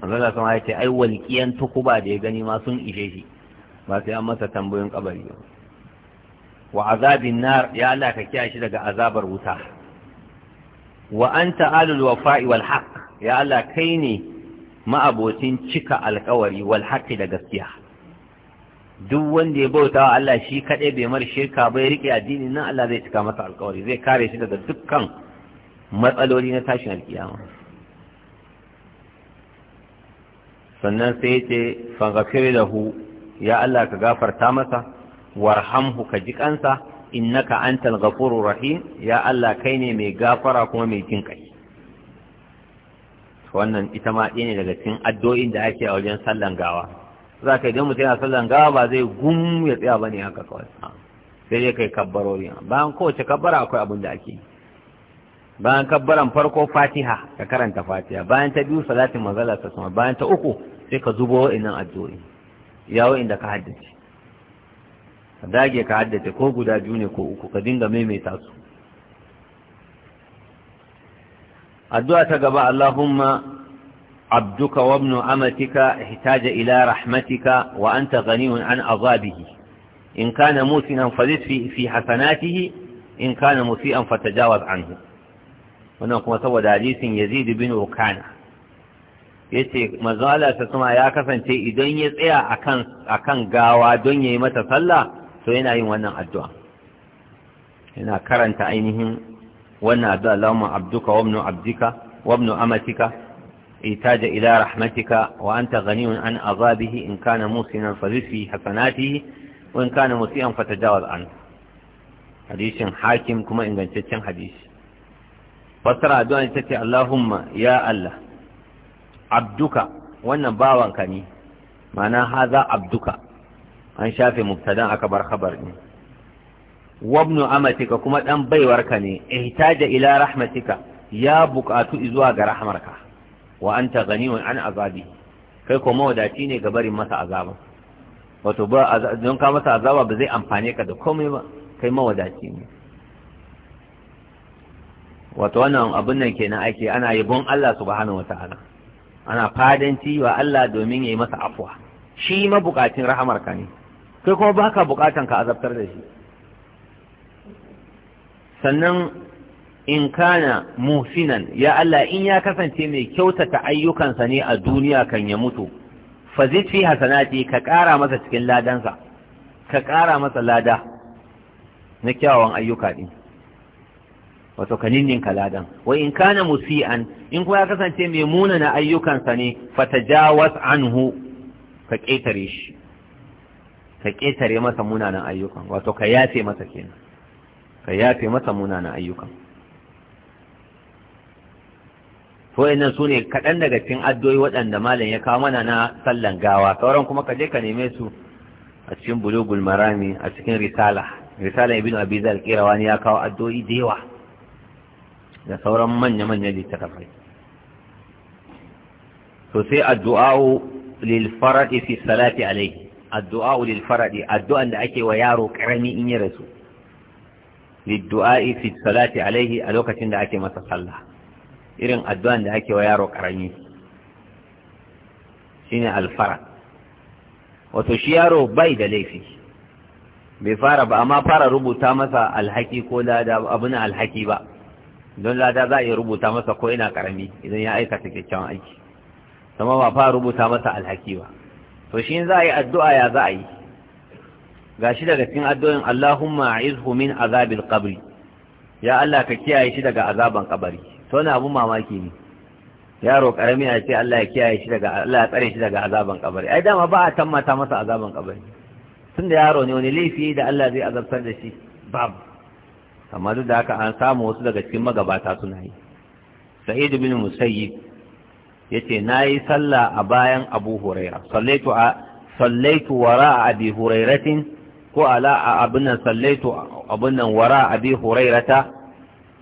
manzala sun ya ce ai walƙiyan tukuba da ya gani ma sun ishe shi ba sai an masa tambayoyin kabari ba wa azabin nar ya Allah ka kiyaye shi daga azabar wuta wa anta alul wafa'i wal haqq ya Allah kai ne ma'abocin cika alkawari wal haqqi da gaskiya duk wanda ya bauta wa Allah shi kaɗai bai mar shirka bai rike addinin nan Allah zai cika masa alkawari zai kare shi daga dukkan matsaloli na tashin alkiyama sannan sai ce da hu! ya Allah ka gafarta masa warhamhu ka ji kansa innaka antal ghafurur rahim ya Allah kai ne mai gafara kuma mai jin kai wannan ita ma ɗaya ne daga cikin addu'o'in da ake a wajen sallan gawa za ka idan mutum yana sallan gawa ba zai gum ya tsaya bane haka kawai sai dai kai kabbarori bayan kowace kabbara akwai abin da ake yi bayan kabbaran farko fatiha ka karanta fatiha bayan ta biyu salatin manzala ta sama bayan ta uku sai ka zubo wa'innan addu'o'i yawo inda ka haddace ka dage ka haddace ko guda biyu ne ko uku ka dinga maimaita su addu'a ta gaba Allahumma abduka wa ibnu amatika ihtaja ila rahmatika wa anta ghaniyun an azabihi in kana musinan fazid fi hasanatihi in kana musian fatajawaz anhu wannan kuma saboda hadisin yazid bin ukana yace manzo Allah ta kuma ya kasance idan ya tsaya akan akan gawa don yayi mata sallah to yana yin wannan addu'a yana karanta ainihin wannan addu'a Allahumma abduka wa ibnu abdika wa ibnu amatika إيتاج إلى رحمتك وأنت غني عن عذابه إن كان موسنا فرز في حسناته وإن كان مسيئا فتجاوز عنه حديث حاكم كما fassara addu'a ita ce Allahumma ya Allah abduka wannan bawanka ne ma'ana haza abduka an shafe mubtadan aka bar khabar ne wabnu amatika kuma dan baiwarka ne ihtaja ila rahmatika ya bukatu zuwa ga rahmarka wa anta ghaniyun an azabi kai ko mawadaci ne ga barin masa azaba wato ba don ka masa azaba ba zai amfane ka da komai ba kai mawadaci ne wato wannan abin nan kenan ake ana yabon Allah subhanahu wata'ala ana fadanci wa Allah domin yayi masa afwa shi mabukacin rahamar ka ne kai kuma baka bukatan ka azabtar da shi sannan in kana muhsinan ya Allah in ya kasance mai kyautata ayyukansa ne a duniya kan ya mutu fazit fi hasanati ka kara masa cikin ladansa ka ƙara masa lada na kyawawan ayyuka din wato ka ninninka ladan wa in kana musi'an in kuma ya kasance mai munana ayyukansa ne fatajawaz anhu ka ƙetare shi ka ƙetare masa munanan ayyukan wato ka yafe masa kenan ka yafe masa munanan ayyukan to yannan su ne kaɗan daga cikin addu'o'i waɗanda malam ya kawo mana na sallan gawa sauran kuma ka je ka neme su a cikin bulugul marami a cikin risala risala ibnu abi zal qirawani ya kawo addu'o'i da yawa da sauran manya-manya littattafai to sai addu'a'u lil faradi fi salati alayhi addu'a'u lil faradi addu'an da ake wa yaro karami in ya rasu liddu'a'i fi salati alaihi a lokacin da ake masa sallah irin addu'an da ake wa yaro karami shine alfarad wato shi yaro bai da laifi bai fara ba amma fara rubuta masa alhaki ko da abin alhaki ba don lada za a iya rubuta masa ko ina karami idan ya aikata kyakkyawan aiki sama ba fa rubuta masa alhaki ba to shi za a yi addu'a ya za a yi gashi daga cikin addu'in Allahumma a'izhu min azabil qabri ya Allah ka kiyaye shi daga azaban kabari to na abun mamaki ne yaro karami ya ce Allah ya kiyaye shi daga Allah ya tsare shi daga azaban kabari ai dama ba a tammata masa azaban kabari tunda yaro ne wani laifi da Allah zai azabtar da shi babu amma duk da haka an samu wasu daga cikin magabata suna yi sa'id bin musayyib yace nayi sallah a bayan abu huraira sallaitu a sallaitu wara abi hurairatin ko ala abunan sallaitu abunan wara abi hurairata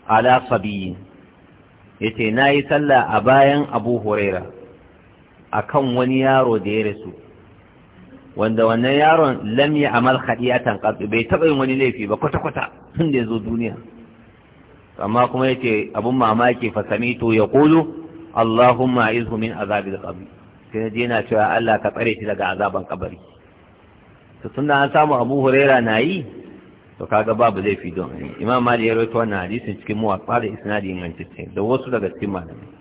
ala ce yace nayi sallah a bayan abu huraira akan wani yaro da ya rasu wanda wannan yaron lam ya amal khadiyatan qat bai taɓa yin wani laifi ba kwata kwata tun da ya zo duniya amma kuma yace abin mamaki fa samitu yaqulu Allahumma izhu min da qabr sai na je yana cewa Allah ka tsare shi daga azaban kabari to tun da an samu Abu Huraira na yi to kaga babu laifi don Imam Malik ya rawaito wannan hadisin cikin muwatta da isnadi ingantacce da wasu daga cikin malamai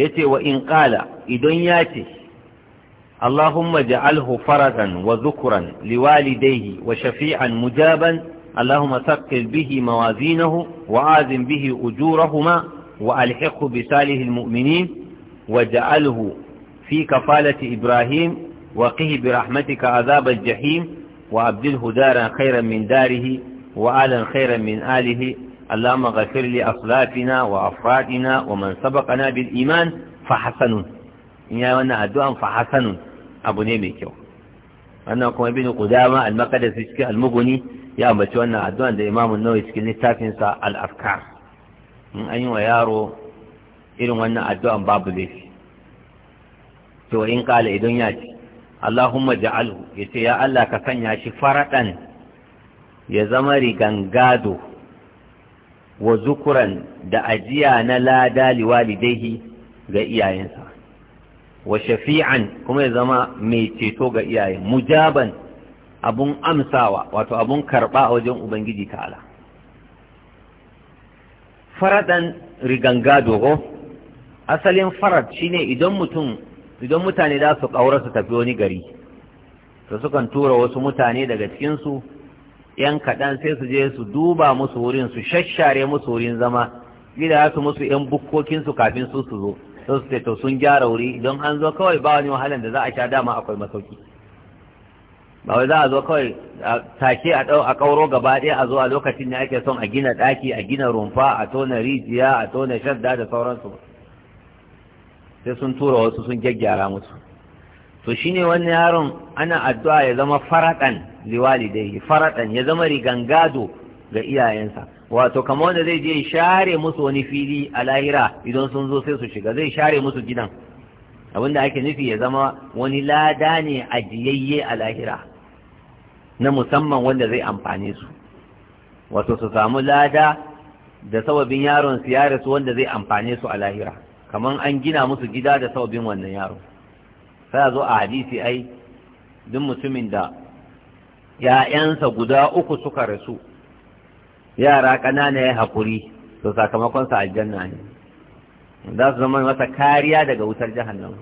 Ya ce wa in qala idan ya ce اللهم اجعله فرضا وذكرا لوالديه وشفيعا مجابا اللهم ثقل به موازينه وآذن به أجورهما وألحقه بساله المؤمنين واجعله في كفالة إبراهيم وقه برحمتك عذاب الجحيم وأبدله دارا خيرا من داره وآلا خيرا من آله اللهم غفر لأصلافنا وأفرادنا ومن سبقنا بالإيمان فحسنون in yi wannan addu'an fa hasanun abu ne mai kyau wannan kuma bin kudama al-maqdisi cikin al muguni ya ambaci wannan addu'an da imam an-nawawi cikin littafinsa sa al-afkar in an yi wa yaro irin wannan addu'an babu laifi to in kala idan ya ce Allahumma ja'alhu yace ya Allah ka sanya shi faraɗan ya zama rigangado wa zukuran da ajiya na lada liwalidaihi ga iyayensa wa shafi'an kuma ya zama mai ceto ga iyaye mujaban abun amsawa wato abun karba a wajen ubangiji ta'ala faradan riganga dogo asalin farad shine idan mutum idan mutane da su kaura su tafi wani gari to sukan tura wasu mutane daga cikinsu yan kaɗan sai su je su duba musu wurin su shashare musu wurin zama gida su musu yan bukkokinsu kafin su su zo sun su to sun gyara wuri don an zo kawai ba wani wahalan da za a sha dama akwai masauki ba wai za a zo kawai take a ɗau a ƙauro gaba ɗaya a zo a lokacin da ake son a gina ɗaki a gina rumfa a tona rijiya a tona shadda da sauransu sai sun tura wasu sun gyaggyara musu to shine wannan yaron ana addu'a ya zama faraɗan liwalidai faraɗan ya zama rigangado ga iyayensa wato kamar wanda zai je share musu wani fili a lahira idan sun zo sai su shiga zai share musu gidan abinda ake nufi ya zama wani lada ne ajiyayye a lahira na musamman wanda zai amfane su wato su samu lada da sababin yaron su ya rasu wanda zai amfane su a lahira kamar an gina musu gida da sababin wannan yaro sai a zo a hadisi ai duk mutumin da ‘ya'yansa guda uku suka rasu yara ƙanana ya haƙuri to sakamakonsa aljanna ne za su zama masa kariya daga wutar jahannama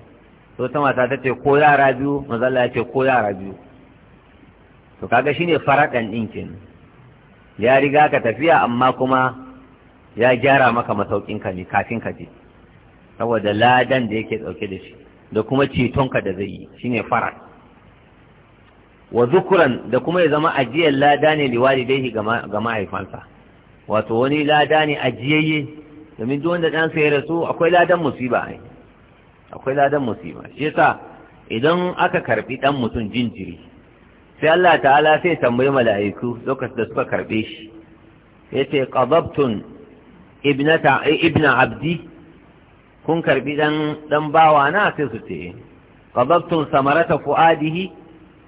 to ta mata ta ce ko yara biyu mazalla ya ko yara biyu to kaga shine faraɗan ɗin ya riga ka tafiya amma kuma ya gyara maka masaukinka ne kafin ka je saboda ladan da yake ɗauke da shi da kuma cetonka da zai yi shine farad wa zukuran da kuma ya zama ajiyar lada ne dai ga mahaifansa wato wani lada ne ajiyayye domin duk wanda ɗansa ya rasu akwai ladan musiba ne akwai ladan musiba shi yasa idan aka karbi ɗan mutum jinjiri sai Allah ta'ala sai tambayi mala'iku lokacin da suka karbe shi yace qadabtun ibnata eh, ibna abdi kun karbi dan dan bawa na sai su ce qadabtun samarata fuadihi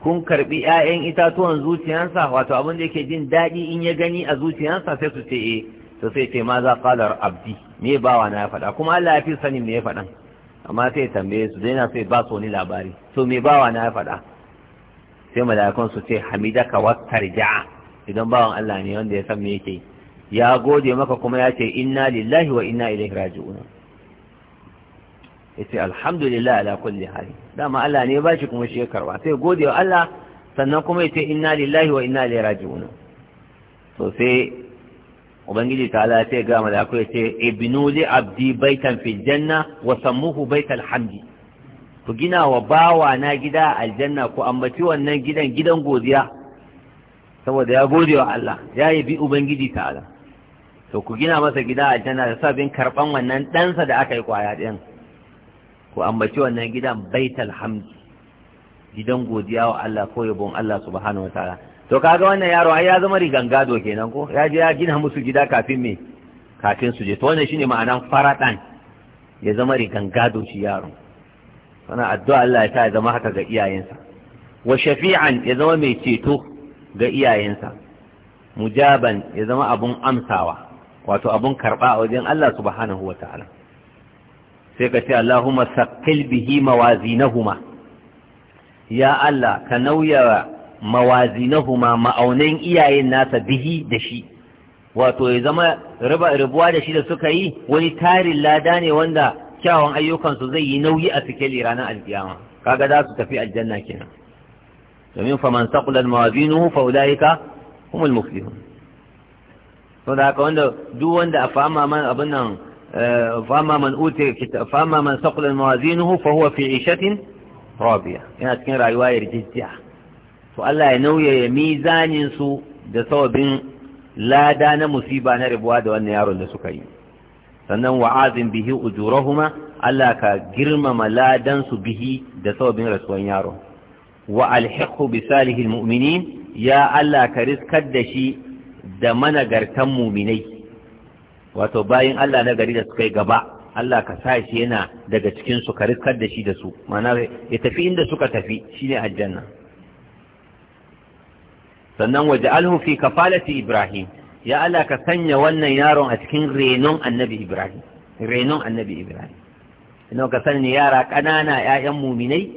kun karbi 'ya'yan itatuwan zuciyansa wato abin da yake jin daɗi in ya gani a zuciyansa sai su ce eh to sai ce ma za abdi me bawa na ya faɗa kuma Allah ya fi sani me ya faɗa amma sai tambaye su dai na sai ba su wani labari to me bawa na ya faɗa sai mala'ikun su ce Hamida ka hamidaka ja'a. idan bawan Allah ne wanda ya san me yake ya gode maka kuma ya ce inna lillahi wa inna ilaihi raji'un yace alhamdulillah ala kulli hali dama Allah ne ba shi kuma shi ya karba sai gode Allah sannan kuma yace inna lillahi wa inna ilaihi raji'un to sai ubangiji ta'ala sai ga malaku yace ibnu li abdi baitan fil janna wa sammuhu baital hamdi ku gina wa bawa na gida aljanna ku ambaci wannan gidan gidan godiya saboda ya gode Allah ya yi bi ubangiji ta'ala to ku gina masa gida aljanna da sabin karban wannan ɗansa da aka yi kwaya ɗin ku ambaci wannan gidan baital hamd gidan godiya wa Allah ko yabon Allah subhanahu wataala to kaga wannan yaro ai ya zama rigangado kenan ko ya je ya gina musu gida kafin me kafin su je to wannan shine ma'anan faradan ya zama rigangado shi yaro wannan addu'a Allah ya sa ya zama haka ga iyayensa wa shafi'an ya zama mai ceto ga iyayensa mujaban ya zama abun amsawa wato abun karba a wajen Allah subhanahu wataala sai ka ce Allahumma saqqil bihi mawazinahuma ya Allah ka nauya mawazinahuma ma'aunan iyayen nasa bihi da shi wato ya zama riba rubuwa da shi da suka yi wani tarin lada ne wanda kyawun ayyukansu zai yi nauyi a sikeli ranar alkiyama kaga za su tafi aljanna kenan domin faman saqulat mawazinuhu fa ulaika humul muflihun to da haka wanda duk wanda a fama man abin nan فأما من أوتي كتاب فأما من ثقل موازينه فهو في عيشة رابية ina cikin rayuwa yarjejiya to Allah ya nauye mizanin su da sababin lada na musiba na rabuwa da wannan yaron da suka yi sannan wa'azin bihi ujurahuma Allah ka girmama ladansu bihi da sababin rasuwan yaro wa alhiqu bi salihil mu'minin ya Allah ka riskar da shi da managartan mu'minai wato bayin Allah na gari da suka yi gaba Allah ka sa shi yana daga cikin su ka rikar da shi da su ma'ana ya tafi inda suka tafi shine aljanna sannan waje alhu fi kafalati ibrahim ya Allah ka sanya wannan yaron a cikin renon annabi ibrahim renon annabi ibrahim ina ka sanya yara kanana ƴaƴan muminai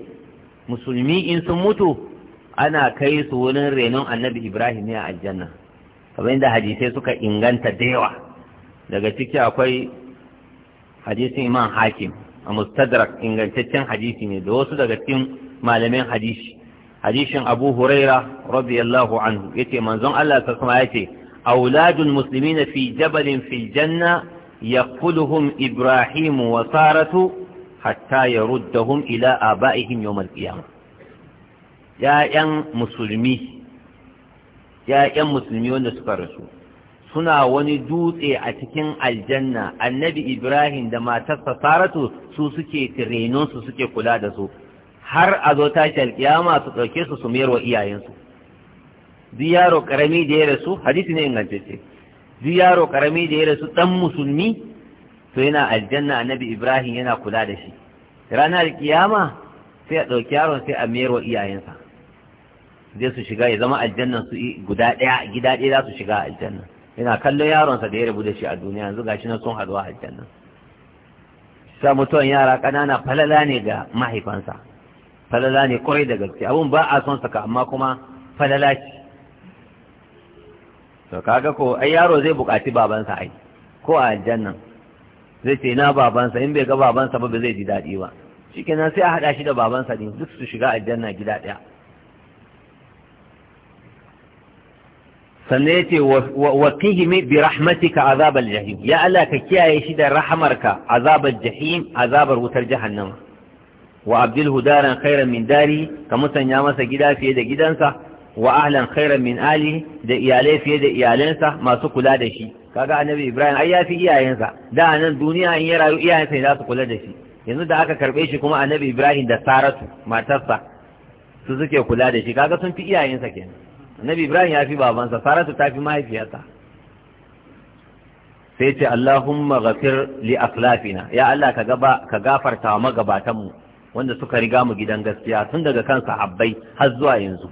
musulmi in sun mutu ana kai su wurin renon annabi ibrahim ne a aljanna kamar inda hadisai suka inganta da yawa daga ciki akwai hadisin iman hakim a mustadrak ingantaccen hadisi ne da wasu daga cikin malamin hadisi hadisin abu huraira radiyallahu anhu yace manzon Allah ta kuma yace auladul muslimina fi jabalin fil janna yaquluhum ibrahim wa saratu hatta yaruddahum ila abaihim yawm al-qiyamah ya'yan musulmi ya'yan musulmi wanda suka rasu suna wani dutse a cikin aljanna annabi ibrahim da matarsa saratu su suke su suke kula da su har a zo tashi alkiyama su ɗauke su su mayar wa iyayensu yaro karami da ya rasu hadisi ne ingantacce yaro karami da ya rasu dan musulmi to yana aljanna annabi ibrahim yana kula da shi ranar alkiyama sai a ɗauki yaron sai a mayar wa iyayensa zai su shiga ya zama aljannan su guda ɗaya gida ɗaya za su shiga aljanna yana kallon yaronsa da ya rabu da shi a duniya yanzu gashi na sun haɗuwa aljanna sa mutuwan yara ƙanana falala ne ga mahaifansa falala ne kwarai da gaske abun ba a son saka amma kuma falala ce to kaga ko ai yaro zai buƙaci babansa ai ko a nan zai ce na babansa in bai ga babansa ba bai zai ji daɗi ba shikenan sai a haɗa shi da babansa ne duk su shiga aljanna gida ɗaya sannan ya ce wa qihimi bi rahmatika azabal jahim ya Allah ka kiyaye shi da rahamarka azabar jahim azabar wutar jahannama wa Abdul hudaran khairan min dari ka musanya masa gida fiye da gidansa wa ahlan khairan min ali da iyalai fiye da iyalansa masu kula da shi kaga annabi ibrahim ai ya fi iyayensa da nan duniya in ya rayu iyayensa ne za su kula da shi yanzu da aka karbe shi kuma annabi ibrahim da saratu matarsa su suke kula da shi kaga sun fi iyayensa kenan annabi ibrahim ya fi babansa saratu ta fi mahaifiyarsa sai ce allahumma ghafir li aslafina ya allah ka gaba ka gafarta wa magabatanmu wanda suka riga mu gidan gaskiya tun daga kan sahabbai har zuwa yanzu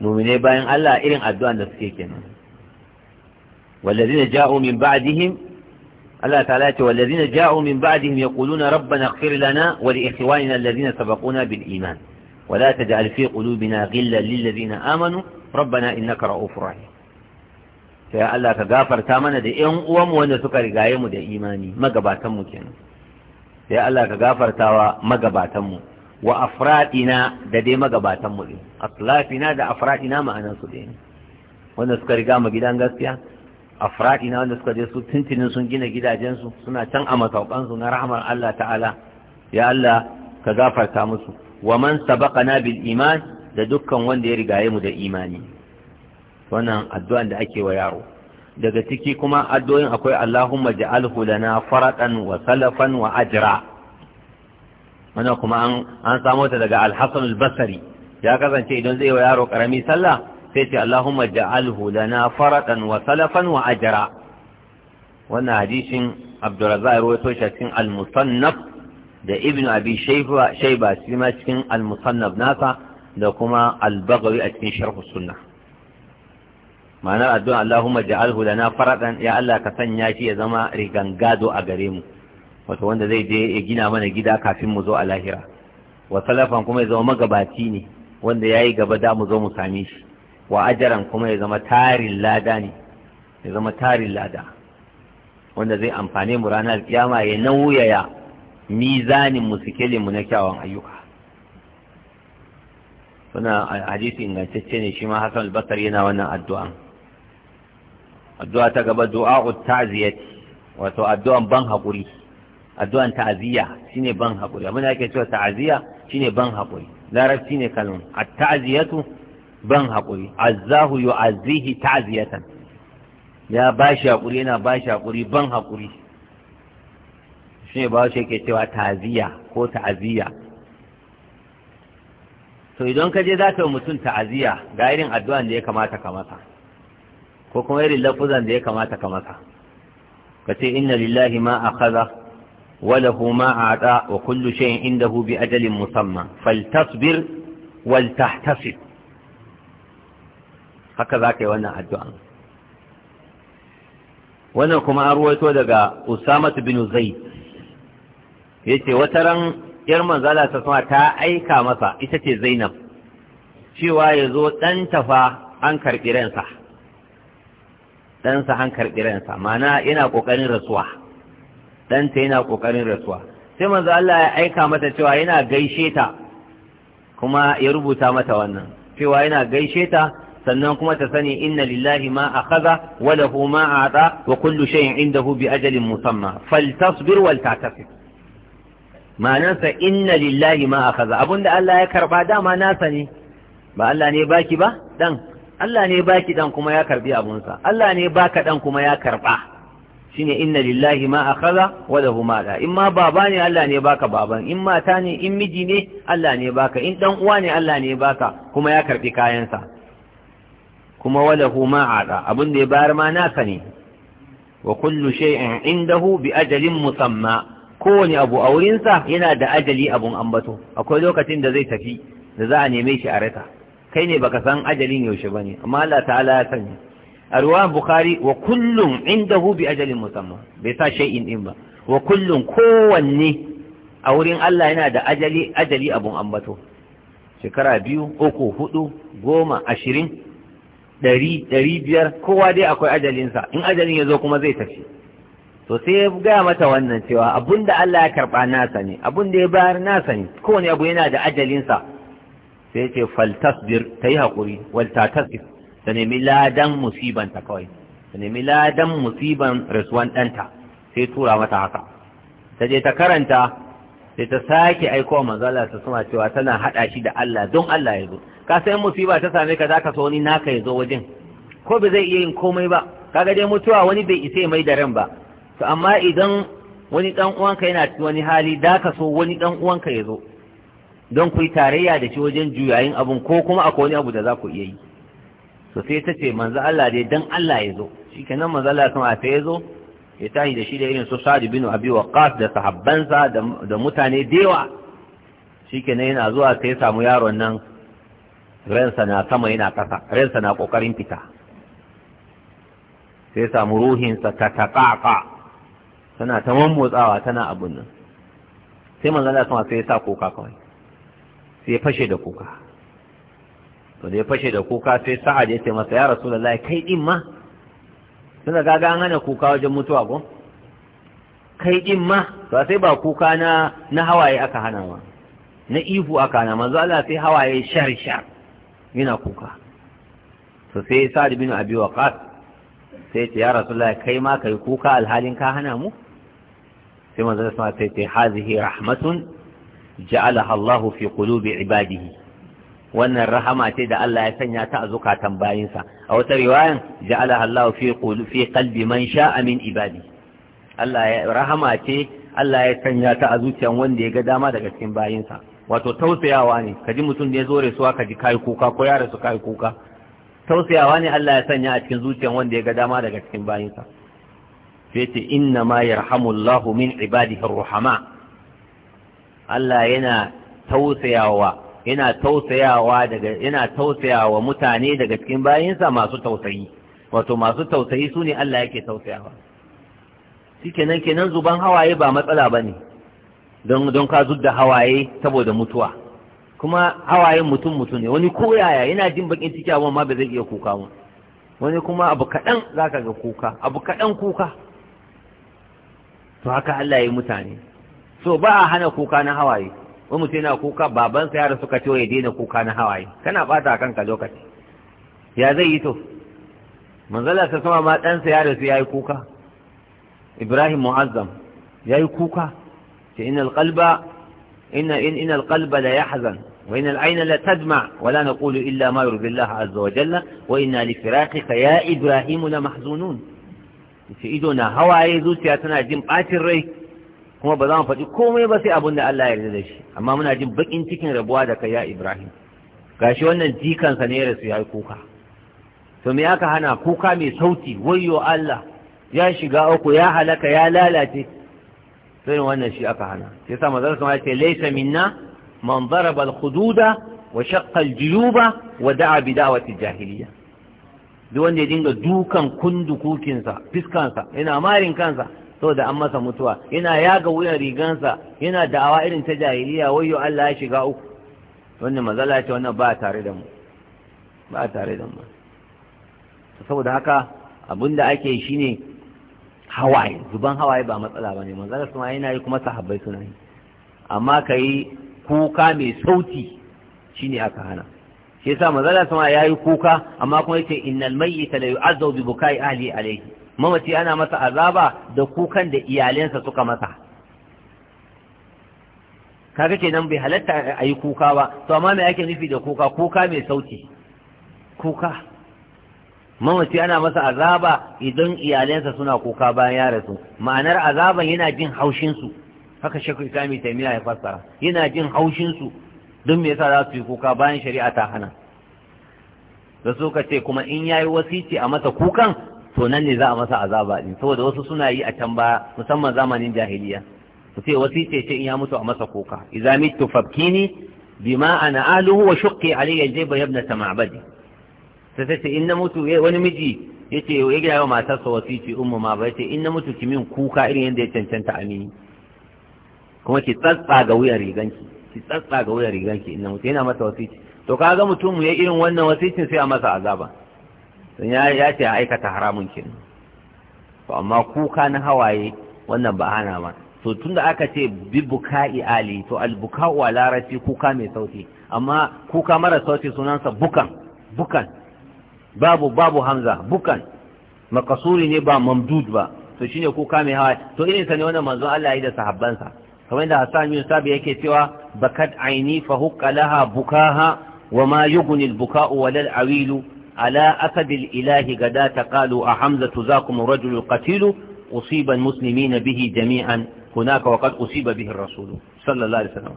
mumine bayan allah irin addu'an da suke kenan والذين جاءوا من بعدهم الله تعالى والذين جاءوا من بعدهم يقولون ربنا اغفر لنا ولإخواننا الذين سبقونا بالإيمان ولا تجعل في قلوبنا غلا للذين آمنوا ربنا إنك رؤوف رحيم sai Allah ka gafarta mana da 'yan uwanmu wanda suka rigaye mu da imani magabatanmu kenan sai Allah ka gafarta gafartawa magabatanmu wa afradina da dai magabatanmu din aslafina da afradina ma'anar su ɗaya wanda suka riga mu gidan gaskiya afradina wanda suka je su tuntunin sun gina gidajensu suna can a masaukansu na rahmar Allah ta'ala ya Allah ka gafarta musu wa man sabaqana bil iman da dukkan wanda ya rigaye mu da imani wannan addu'an da ake wa yaro daga ciki kuma addu'o'in akwai Allahumma ja'alhu lana faratan wa salafan wa ajra wannan kuma an an samu ta daga Al-Hasan al-Basri ya kasance idan zai wa yaro karami sallah sai ce Allahumma ja'alhu lana faratan wa salafan wa ajra wannan hadisin Abdurrazzaq ya rawaito shi cikin Al-Musannaf da ibn abi shaiba shaiba shi ma cikin al-musannaf nasa da kuma al-baghawi a cikin sharh sunna ma'anar addu'a Allahumma ja'alhu lana faradan ya Allah ka sanya shi ya zama rigangado a gare mu wato wanda zai je ya gina mana gida kafin mu zo a lahira wa salafan kuma ya zama magabaci ne wanda yayi gaba da mu zo mu same shi wa ajaran kuma ya zama tarin lada ne ya zama tarin lada wanda zai amfane mu ranar kiyama ya nauyaya mizanin mu mu na kyawun ayyuka suna hadisi ingantacce ne shi ma Hassan al yana wannan addu'a addu'a ta gaba du'a'ut ta'ziyati wato addu'an ban haƙuri. addu'an ta'ziya shine ban haƙuri amma ake cewa ta'ziya shine ban haƙuri. larabci ne kalmar at-ta'ziyatu ban hakuri azzahu yu'azzihi ta'ziyatan ya bashi haƙuri yana bashi haƙuri ban haƙuri. shi ne ba shi yake cewa taziya ko ta'aziyya to idan ka je za ka mutum ta'aziyya ga irin addu'an da ya kamata ka masa ko kuma irin lafuzan da ya kamata ka masa ka ce inna lillahi ma akhadha wa lahu ma wa kullu shay'in indahu bi ajalin Fal tasbir wal tahtasib haka za ka yi wannan addu'an wannan kuma an ruwaito daga Usama bin Zaid yace wata ran yar manzala ta sama ta aika masa ita ce Zainab cewa ya zo ɗan tafa an karɓi ɗansa an mana yana ƙoƙarin rasuwa ɗanta yana ƙoƙarin rasuwa sai manzo Allah ya aika mata cewa yana gaishe ta kuma ya rubuta mata wannan cewa yana gaishe ta sannan kuma ta sani inna lillahi ma akhadha wa lahu ma ata wa kullu shay'in indahu bi ajalin musamma faltasbir wal ta'tasib ma'anansa inna lillahi ma akaza Abunda Allah ya karba dama nasa ne ba Allah ne baki ba dan Allah ne baki dan kuma ya karbi abunsa Allah ne baka dan kuma ya karba shine inna lillahi ma akaza wa lahu ma da in ma baba ne Allah ne baka baban in mata ne in miji ne Allah ne baka in dan uwa ne Allah ne baka kuma ya karbi kayansa kuma wa lahu ma ada abinda ya bayar ma nasa ne wa kullu shay'in indahu bi ajalin musamma kowane abu a wurinsa yana da ajali abun ambato akwai lokacin da zai tafi da za a neme shi a rasa kai ne baka san ajalin yaushe ba ne amma Allah ta'ala ya sani a ruwan bukari wa kullum inda bi ajalin musamman bai sa sha'in din ba wa kullum kowanne a wurin Allah yana da ajali ajali abun ambato shekara biyu uku hudu goma ashirin ɗari ɗari biyar kowa dai akwai ajalinsa in ajalin ya zo kuma zai tafi to sai ya gaya mata wannan cewa abunda Allah ya karba nasa ne abunda ya bayar nasa ne kowane abu yana da ajalinsa sai ce faltasbir ta yi haƙuri waltatasif ta nemi ladan musibanta kawai ta nemi ladan musiban rasuwan ɗanta sai tura mata haka ta je ta karanta sai ta sake aiko wa manzala ta suna cewa tana haɗa shi da Allah don Allah ya zo ka san musiba ta same ka zaka so wani naka ya zo wajen ko ba zai iya yin komai ba kaga dai mutuwa wani bai isa mai da ran ba to amma idan wani dan uwanka yana cikin wani hali da ka so wani dan uwanka ya zo don ku yi tarayya da shi wajen juyayin abun ko kuma akwai wani abu da za ku iya yi to sai ta ce manzo Allah dai dan Allah ya zo shikenan manzo Allah a sai ya zo ya tashi da shi da irin su Sa'd bin Abi Waqqas da sahabbansa da mutane da yawa shikenan yana zuwa sai ya samu yaron nan ransa na sama yana kasa ransa na kokarin fita sai samu ruhinsa ta taqaqa tana ta mammotsawa tana abun nan sai manzon da sama sai ya sa kuka kawai sai ya fashe da kuka to da ya fashe da kuka sai sa'ad ya ce masa ya lallai kai din ma suna gaga an hana kuka wajen mutuwa ko kai din ma to sai ba kuka na na hawaye aka hana ma na ihu aka hana manzo Allah sai hawaye shar shar yana kuka to sai Sa'ad bin Abi Waqqas sai ce ya lallai kai ma kai kuka alhalin ka hana mu sai manzo sama sai ce hazihi rahmatun ja'alaha Allahu fi qulubi ibadihi wannan rahama ce da Allah ya sanya ta a zukatan bayinsa a wata riwayan ja'alaha Allahu fi qulubi fi qalbi man sha'a min ibadi Allah ya rahama ce Allah ya sanya ta a zuciyan wanda ya ga dama daga cikin bayinsa wato tausayawa ne kaji mutum da ya zo rasuwa ji kai kuka ko ya su kai kuka tausayawa ne Allah ya sanya a cikin zuciyan wanda ya ga dama daga cikin bayinsa sai inna ma yarhamullahu min ibadihi ruhama Allah yana tausayawa yana tausayawa daga yana tausayawa mutane daga cikin bayinsa masu tausayi wato masu tausayi su ne Allah yake tausayawa nan, kenan zuban hawaye ba matsala bane don don ka zudda hawaye saboda mutuwa kuma hawayen mutum mutum ne wani koyaya yana jin bakin ciki amma ba zai iya kuka mu wani kuma abu kaɗan za ka ga kuka abu kaɗan kuka to haka Allah ya yi mutane so ba a hana kuka na hawaye in mutum yana kuka babansa yara suka ce ya daina kuka na hawaye kana bata a kanka lokaci ya zai yi to manzala ta sama ma ɗansa ya rasu ya yi kuka ibrahim mu'azzam ya yi kuka ce inal kalba inna inal qalba la yahzan wa inal ayna la tadma wa la naqulu illa ma yurdi Allah azza wa jalla wa inna li firaqika ya ibrahim la mahzunun ce ido na hawaye zuciya tana jin bacin rai kuma ba za mu faɗi komai ba sai abin da Allah ya yarda da shi amma muna jin bakin cikin rabuwa da kai ya Ibrahim gashi wannan jikansa ne ya rasu ya yi kuka to me aka hana kuka mai sauti wayyo Allah ya shiga uku ya halaka ya lalace sai wannan shi aka hana sai sa manzon sama ce laysa minna man daraba al-hududa wa shaqqa al juluba wa da'a bi da'wati jahiliyya duk wanda ya dinga dukan kundukukinsa fiskansa yana marin kansa saboda an masa mutuwa yana yaga wuyan rigansa yana da'awa irin ta jahiliya wayo Allah ya shiga uku wannan mazala ce wannan ba tare da mu ba tare da mu saboda haka abinda ake shine hawaye zuban hawaye ba matsala ba ne manzala suna yana yi kuma sahabbai suna yi amma ka kuka mai sauti shine aka hana shi yasa manzala sama yayi kuka amma kuma yace innal mayyita la yu'azzabu bi bukai ahli alayhi mamaci ana masa azaba da kukan da iyalensa suka masa kaga kenan bai halatta yi kuka ba to amma me ake nufi da kuka kuka mai sauti kuka mamaci ana masa azaba idan iyalensa suna kuka bayan ya rasu ma'anar azaban yana jin haushinsu haka shekul islami taimiyya ya fassara yana jin haushinsu don me yasa za su yi kuka bayan shari'a ta hana da suka ce kuma in yayi wasici a masa kukan to nan ne za a masa azaba din saboda wasu suna yi a can ba musamman zamanin jahiliya su ce wasice ce in ya mutu a masa kuka idza mitu fabkini bima ana ahluhu wa shuqqi alayya jayba ibn tamabadi sai ta in na mutu eh, wani miji yace ya gida wa matarsa wasici ummu ma ba yace in na mutu ki min kuka irin yanda ya cancanta amini kuma ki tsatsa ga wuyan riganki ki tsatsa ga wuyan rigan ki inna mutu yana masa wasici to kaga mutum ya irin wannan wasicin sai a masa azaba don ya ya ce aikata haramun kin to amma kuka na hawaye wannan ba hana ma to tunda aka ce bi buka'i ali to al buka'u a kuka mai sauti amma kuka mara sauti sunansa bukan bukan babu babu hamza bukan makasuri ne ba mamdud ba to shine kuka mai hawaye to irin sa ne wannan manzon Allah ya yi da sahabbansa kamar da Hassan bin Sabi yake cewa بكت عيني فهق لها بكاها وما يغني البكاء ولا العويل على أسد الإله قدات قالوا أحمزة ذاكم رجل القتيل أصيب المسلمين به جميعا هناك وقد أصيب به الرسول صلى الله عليه وسلم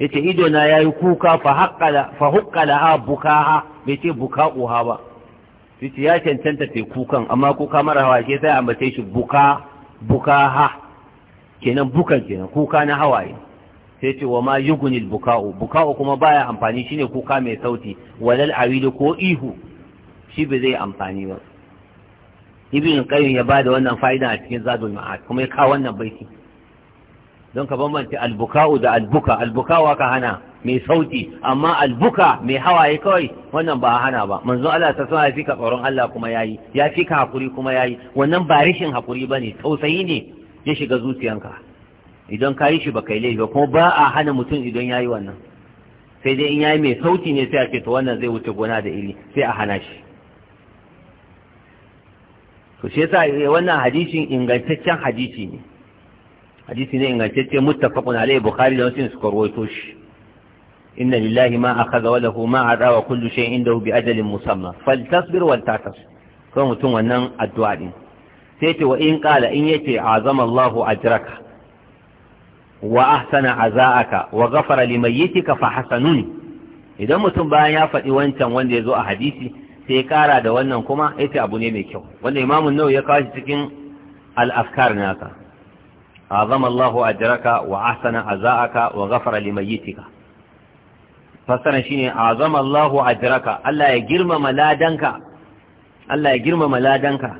yace ido na yayi kuka fa haqqala fa huqqala abukaha yace buka uhawa yace ya cancanta te kukan amma kuka mara hawaye sai ambace shi buka bukaha kenan buka kenan kuka na hawaye sai ce wa ma yugunil buka'u buka'u kuma baya amfani shine kuka mai sauti walal awili ko ihu shi ba zai amfani ba ibn qayyim ya bada wannan fa'ida a cikin zadul ma'ad kuma ya kawo wannan baiti don ka bambance albuka'u da albuka buka'u ka hana mai sauti amma albuka mai hawaye kawai wannan ba hana ba manzo Allah ta sanya fika tsoron Allah kuma yayi ya fika hakuri kuma yayi wannan ba rishin hakuri bane tausayi ne ya shiga zuciyanka idan ka yi shi ba kai laifi kuma ba a hana mutum idan ya yi wannan sai dai in ya yi mai sauti ne sai a ce to wannan zai wuce gona da iri sai a hana shi to shi yasa eh, wannan hadisin ingantaccen hadisi ne hadisi ne ingantacce muttafaqun alayhi bukhari da muslim suka rawaito shi inna lillahi ma akhadha wa lahu ma ada wa kullu shay'in indahu bi ajalin musamma faltasbir wal tatas kuma mutum wannan addu'a din sai ce wa in qala in yace azama Allahu ajraka wa ahsana azaaka wa ghafara limayyitika fa hasanun idan mutum bayan ya faɗi wancan wanda ya zo a hadisi sai ya kara da wannan kuma yace abu ne mai kyau wanda imamun nawawi ya kawo cikin al-afkar naka azama Allahu ajraka wa ahsana azaaka wa ghafara limayyitika fasara shine azama Allahu ajraka Allah ya girmama ladanka Allah ya girmama ladanka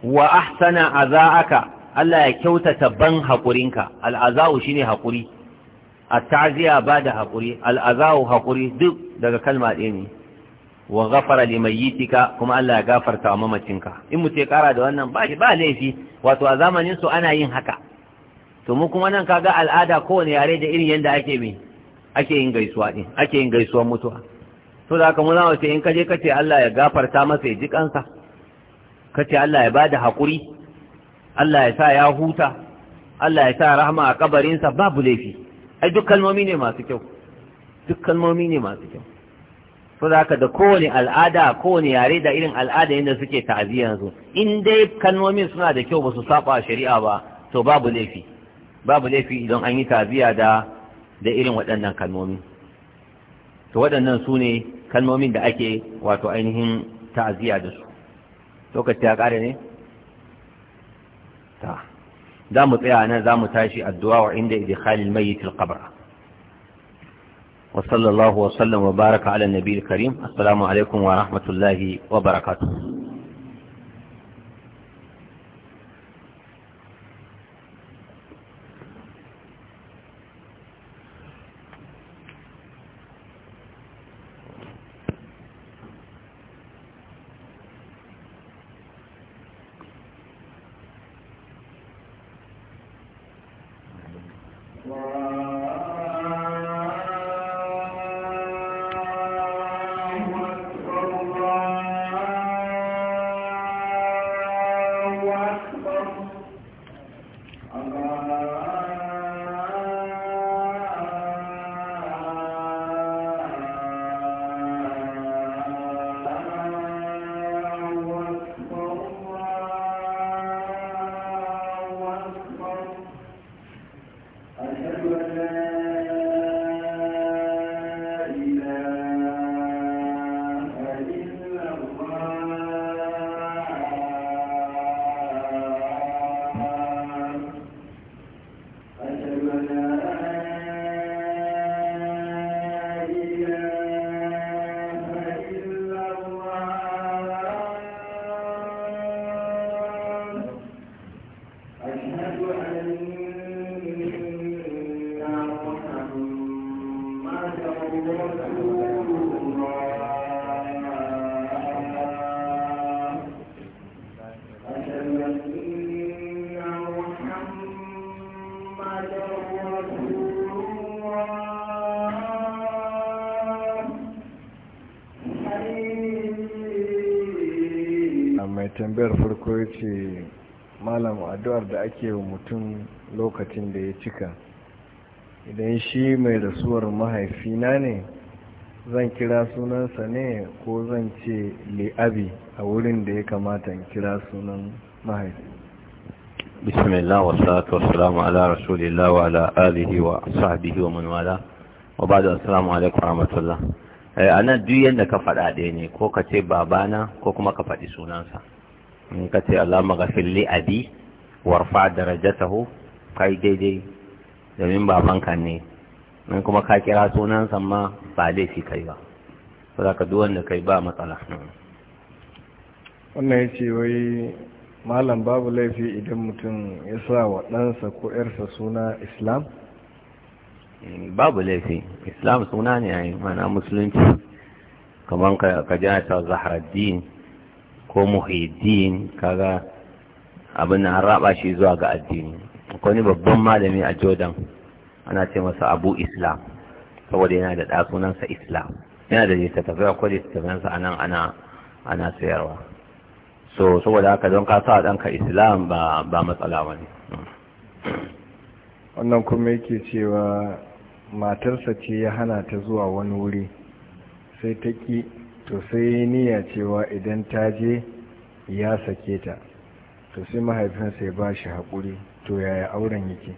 wa ahsana azaaka Allah ya kyautata ban haƙurinka al'azawu shi ne haƙuri a ta'aziya ba da haƙuri al'azawu haƙuri duk daga kalma ɗaya ne wa gafara limayitika kuma Allah ya gafarta wa mamacinka in mu ce ƙara da wannan ba shi ba laifi wato a zamanin su ana yin haka to mu kuma nan kaga al'ada kowane yare da irin yanda ake mai, ake yin gaisuwa din ake yin gaisuwar mutuwa to da haka mu zama ce in kaje kace Allah ya gafarta masa ya ji kansa kace Allah ya bada hakuri Allah ya sa ya huta Allah ya sa rahama a kabarinsa babu laifi ai duk kalmomi ne masu kyau duk kalmomi ne masu kyau da haka da kowane al'ada kowane yare da irin al'ada yadda suke ta'aziyya in dai kalmomin suna da kyau ba su saba shari'a ba to babu laifi babu laifi idan an yi ta'aziyya da da irin waɗannan kalmomi to waɗannan su ne kalmomin da ake wato ainihin ta'aziyya da su lokaci ya ƙare ne sa'a za mu tsaya nan za mu tashi addu'a wa inda idkhalil mayyit al-qabr wa sallallahu wa sallam wa baraka ala nabiyil karim assalamu alaikum wa rahmatullahi wa barakatuh أشهد أن لا tambayar farko ya ce malam addu'ar da ake wa mutum lokacin da ya cika idan shi mai rasuwar mahaifina ne zan kira sunansa ne ko zan ce li'abi a wurin da ya kamata in kira sunan mahaifi bismillah wa salatu wassalamu ala rasulillah wa ala alihi wa sahbihi wa man wala wa da assalamu alaikum wa rahmatullah eh, a nan duk yadda ka faɗa ɗaya ne ko ka ce babana ko kuma ka faɗi sunansa in ka ce Allah magafir li abi warfa darajatahu kai daidai domin babanka ne in kuma ka kira sunan ma ba laifi kai ba za ka duwan da kai ba matsala wannan ya ce wai malam babu laifi idan mutum ya sa wa ɗansa ko ‘yarsa suna islam eh, babu laifi islam suna ne a yi mana musulunci kamar ka jana ta zaharaddin ko muhiddin kaga abin na raba shi zuwa ga addini akwai babban malami a jordan ana ce masa abu islam saboda yana da ɗasunansa islam yana da littattafai akwai littattafansa a nan ana ana sayarwa so saboda haka don ka sa ɗanka islam ba matsala ba wannan kuma yake cewa matarsa ce ya hana ta zuwa wani wuri sai ta ki to sai niyya cewa idan ta je ya sake ta to sai mahaifinsa ya ba shi haƙuri to yaya auren yake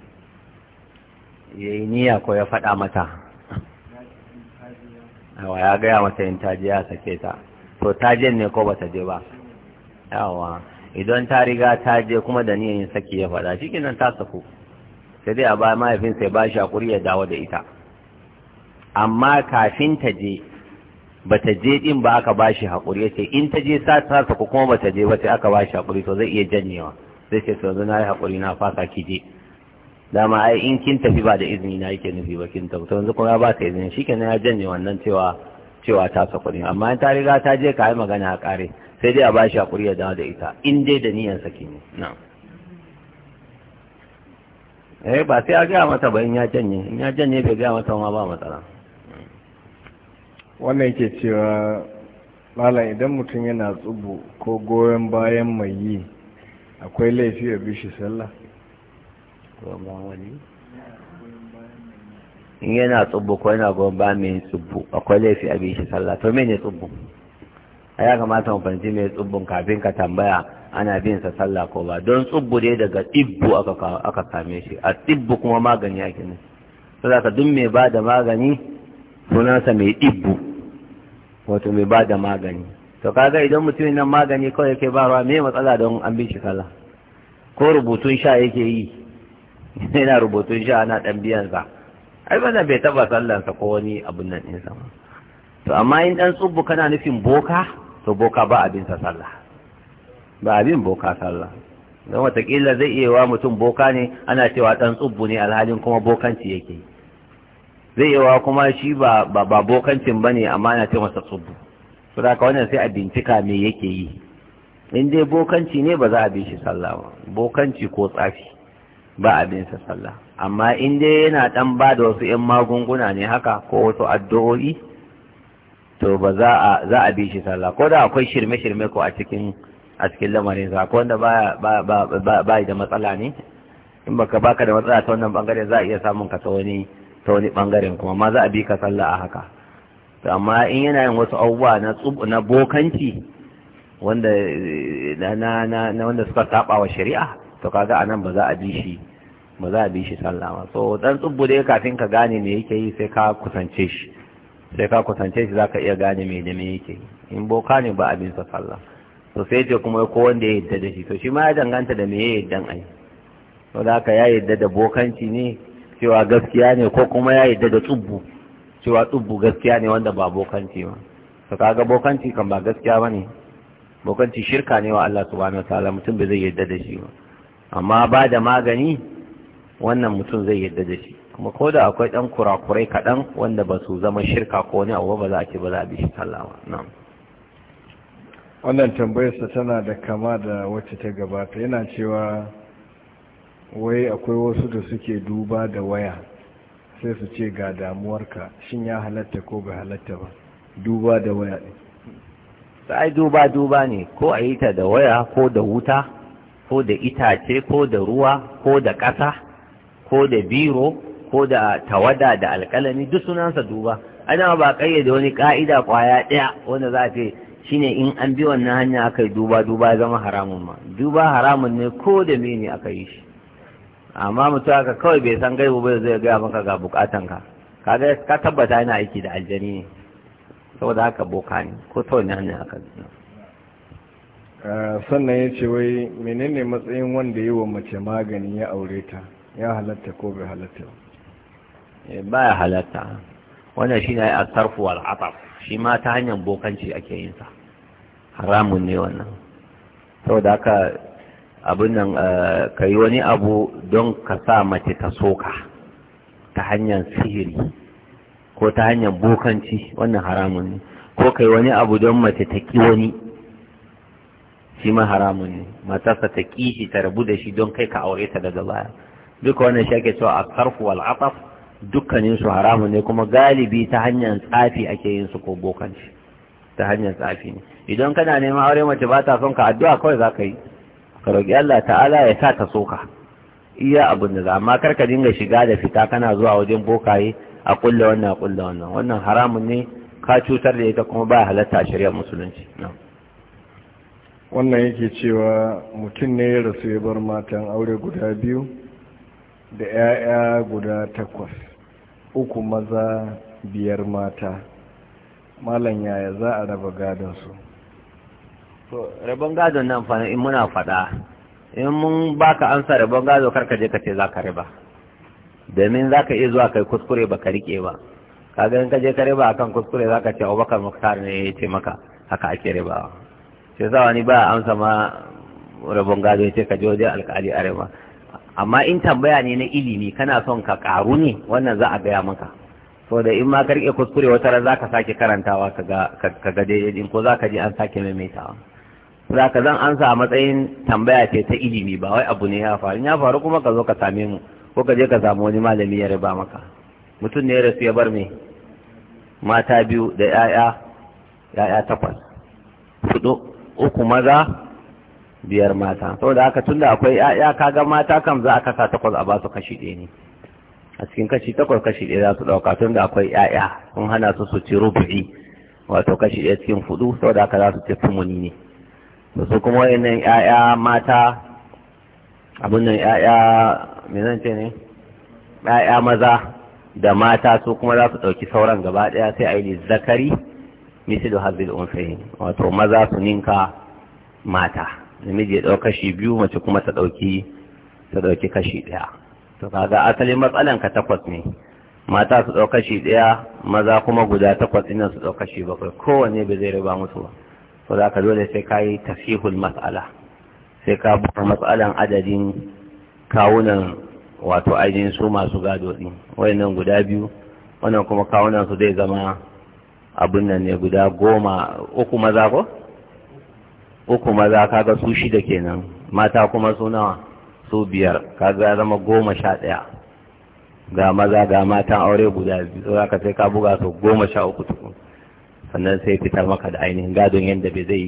ya yi niyya ko ya faɗa mata yawa ya gaya mata yin ta je ya sake ta to ta je ne ko ba ta je ba yawa idan ta riga ta je kuma da niyan yin saki ya faɗa shi nan ta saku sai dai a ba mahaifinsa ya ba shi haƙuri ya dawo da ita amma kafin ta je bata je in ba aka bashi hakuri yace in ta je sa ta ko kuma bata je ba aka bashi hakuri to zai iya janyewa zai ce to na yi hakuri na fasa ki je dama ai in kin tafi ba da izini na yake nufi ba kin tafi to yanzu kuma ya ba ta izini shikenan ya janye wannan cewa cewa ta kuri amma in ta riga ta je ka yi magana a kare sai dai a bashi hakuri ya dawo da ita in dai da niyan saki ne na'am eh ba sai a gaya mata ba in ya janye in ya janye bai gaya mata ma ba matsala wannan ke cewa malam idan mutum yana tsubu ko goyon bayan mai yi akwai laifi a bishi sallah wani in yana tsubu ko yana goyon bayan mai tsubu akwai laifi a bishi sallah to mene tsubu a ya kamata mu fahimci mai tsubun kafin ka tambaya ana bin sa sallah ko ba don tsubbu dai daga tibbu aka same shi a tibbu kuma magani ake ne saboda ka duk mai ba da magani sunansa mai ibu wato mai ba da magani to kaga idan mutumin nan magani kawai yake ba ruwa mai matsala don an bin shi kala ko rubutun sha yake yi yana rubutun sha ana dan biyansa ai wannan bai taba sallansa ko wani abun nan ɗinsa ba to amma in dan tsubu kana nufin boka to boka ba abin sa sallah ba abin boka sallah don watakila zai iya wa mutum boka ne ana cewa dan tsubu ne alhalin kuma bokanci yake yi zai yawa kuma shi ba ba bokancin bane amma na ce masa tsubu so da wannan sai a bincika me yake yi in dai bokanci ne ba za a bi shi sallah ba bokanci ko tsafi ba a bin sa sallah amma in dai yana dan ba da wasu yan magunguna ne haka ko wasu addu'o'i to ba za a za a bi shi sallah ko da akwai shirme-shirme ko a cikin a cikin lamarin sa ko wanda ba ba ba ba da matsala ne in baka baka da matsala ta wannan bangare za a iya samun ka ta wani ta wani bangaren kuma ma za a bi ka sallah a haka to amma in yana yin wasu abubuwa na na bokanci wanda na na na wanda suka saba wa shari'a to kaga anan ba za a bi shi ba za a bi shi sallah ba so dan tsubbu dai kafin ka gane me yake yi sai ka kusance shi sai ka kusance shi zaka iya gane me da me yake yi in boka ne ba abin sa sallah to sai ce kuma ko wanda ya yadda da shi to shi ma ya danganta da me ya yadda ai to da haka ya yadda da bokanci ne cewa gaskiya ne ko kuma ya yadda da tsubbu cewa tsubbu gaskiya ne wanda ba bokanci ba to kaga bokanci kan ba gaskiya ba ne bokanci shirka ne wa Allah subhanahu wataala mutum bai zai yadda da shi ba amma ba da magani wannan mutum zai yadda da shi kuma ko da akwai ɗan kurakurai kaɗan wanda ba su zama shirka ko ne abu ba za a ce ba za a bi shi sallawa na'am wannan tambayarsa tana da kama da wacce ta gabata yana cewa wai akwai wasu da suke duba da waya sai su ce ga damuwarka shin ya halatta ko bai halatta ba duba da waya ne. sai duba duba ne ko a yi ta da waya ko da wuta ko da itace ko da ruwa ko da ƙasa ko da biro ko da tawada da alƙalami duk sunansa duba ana ba da wani ƙa'ida ƙwaya ɗaya wanda za ce shine in an bi wannan hanya aka yi duba duba zama haramun ma duba haramun ne ko da mene aka yi shi amma mutu haka kawai bai san gaibu bai zai gaya maka ga bukatanka kaga ka tabbata yana aiki da aljani ne saboda haka boka ne ko ta wani hanyar haka sannan ya ce wai menene matsayin wanda yi wa mace magani ya aure ta ya halatta ko bai halatta ba eh, Ba ya halatta wannan shi ne a sarfu al'ataf shi ma ta hanyar bokanci ake yin sa haramun ne wannan saboda haka abin nan eh, ka yi wani abu don ka sa mace ta soka ta hanyar sihiri ko ta hanyar bokanci wannan haramun ne ko kai wani abu don mace ta ki wani shi ma haramun ne matarsa ta ki shi ta rabu da shi don kai ka aure ta daga baya duka wannan shi ake cewa asarfu wal ataf dukkanin haramun ne kuma galibi ta hanyar tsafi ake yin su ko bokanci ta hanyar tsafi ne idan kana neman aure mace ba ta son ka addu'a kawai za ka yi ka roƙi Allah ta'ala ya sa ta soka iya abin da za amma kar ka dinga shiga da fita kana zuwa wajen bokaye a kulla wannan a kulla wannan wannan haramun ne ka cutar da ita kuma ba halatta a shari'ar musulunci wannan yake cewa mutum ne ya rasu ya bar matan aure guda biyu da 'ya'ya guda takwas uku maza biyar mata malam yaya za a raba gadon su? to rabon gado nan fa in muna faɗa in mun baka amsa rabon gado karka je ka ce za ka riba domin za ka iya zuwa kai kuskure ba ka riƙe ba kaga in ka je ka riba akan kuskure za ka ce abubakar muktar ne ya ce maka haka ake riba sai za wani ba amsa ma rabon gado ya ce ka je wajen alƙali a riba amma in tambaya ne na ilimi kana son ka ƙaru ne wannan za a gaya maka so da in ma ka riƙe kuskure wata ran za ka sake karantawa ka ga daidai ko za ka ji an sake maimaitawa ka zan ansa a matsayin tambaya ce ta ilimi ba wai abu ne ya faru ya faru kuma ka zo ka same mu ko ka je ka samu wani malami ya riba maka mutum ne ya rasu ya bar me mata biyu da ya'ya ya'ya takwas hudu uku maza biyar mata saboda haka tunda akwai ya'ya kaga mata kam za a kasa takwas a basu kashi ɗaya ne a cikin kashi takwas kashi ɗaya za su ɗauka tunda akwai ya'ya sun hana su su ci rubu'i wato kashi ɗaya cikin hudu saboda haka za su ce sumuni ne da su kuma wa'annan ‘ya'ya mata abin nan zan ce ne ‘ya'ya maza da mata su kuma za su ɗauki sauran gaba ɗaya sai a yi zakari da hazil unsayin wato maza su ninka mata namiji ya ɗau kashi biyu mace kuma ta ɗauki ta ɗauki kashi ɗaya to kaga asalin matsalan ka takwas ne mata su ɗau kashi ɗaya maza kuma guda takwas ɗin su ɗau kashi bakwai kowanne ba zai riba musu ba so za ka dole sai ka yi tafihul matsala sai ka buga matsalan adadin kawunan wato ainihin su masu gado ɗin wayannan guda biyu wannan kuma kawunan su zai zama abin nan ne guda goma uku maza ko uku maza kaga su shida kenan mata kuma su nawa su biyar kaga zama goma sha ɗaya ga maza ga matan aure guda biyu za ka sai ka buga su goma sha uku tukun sannan sai fitar maka da ainihin gadon yadda bai zai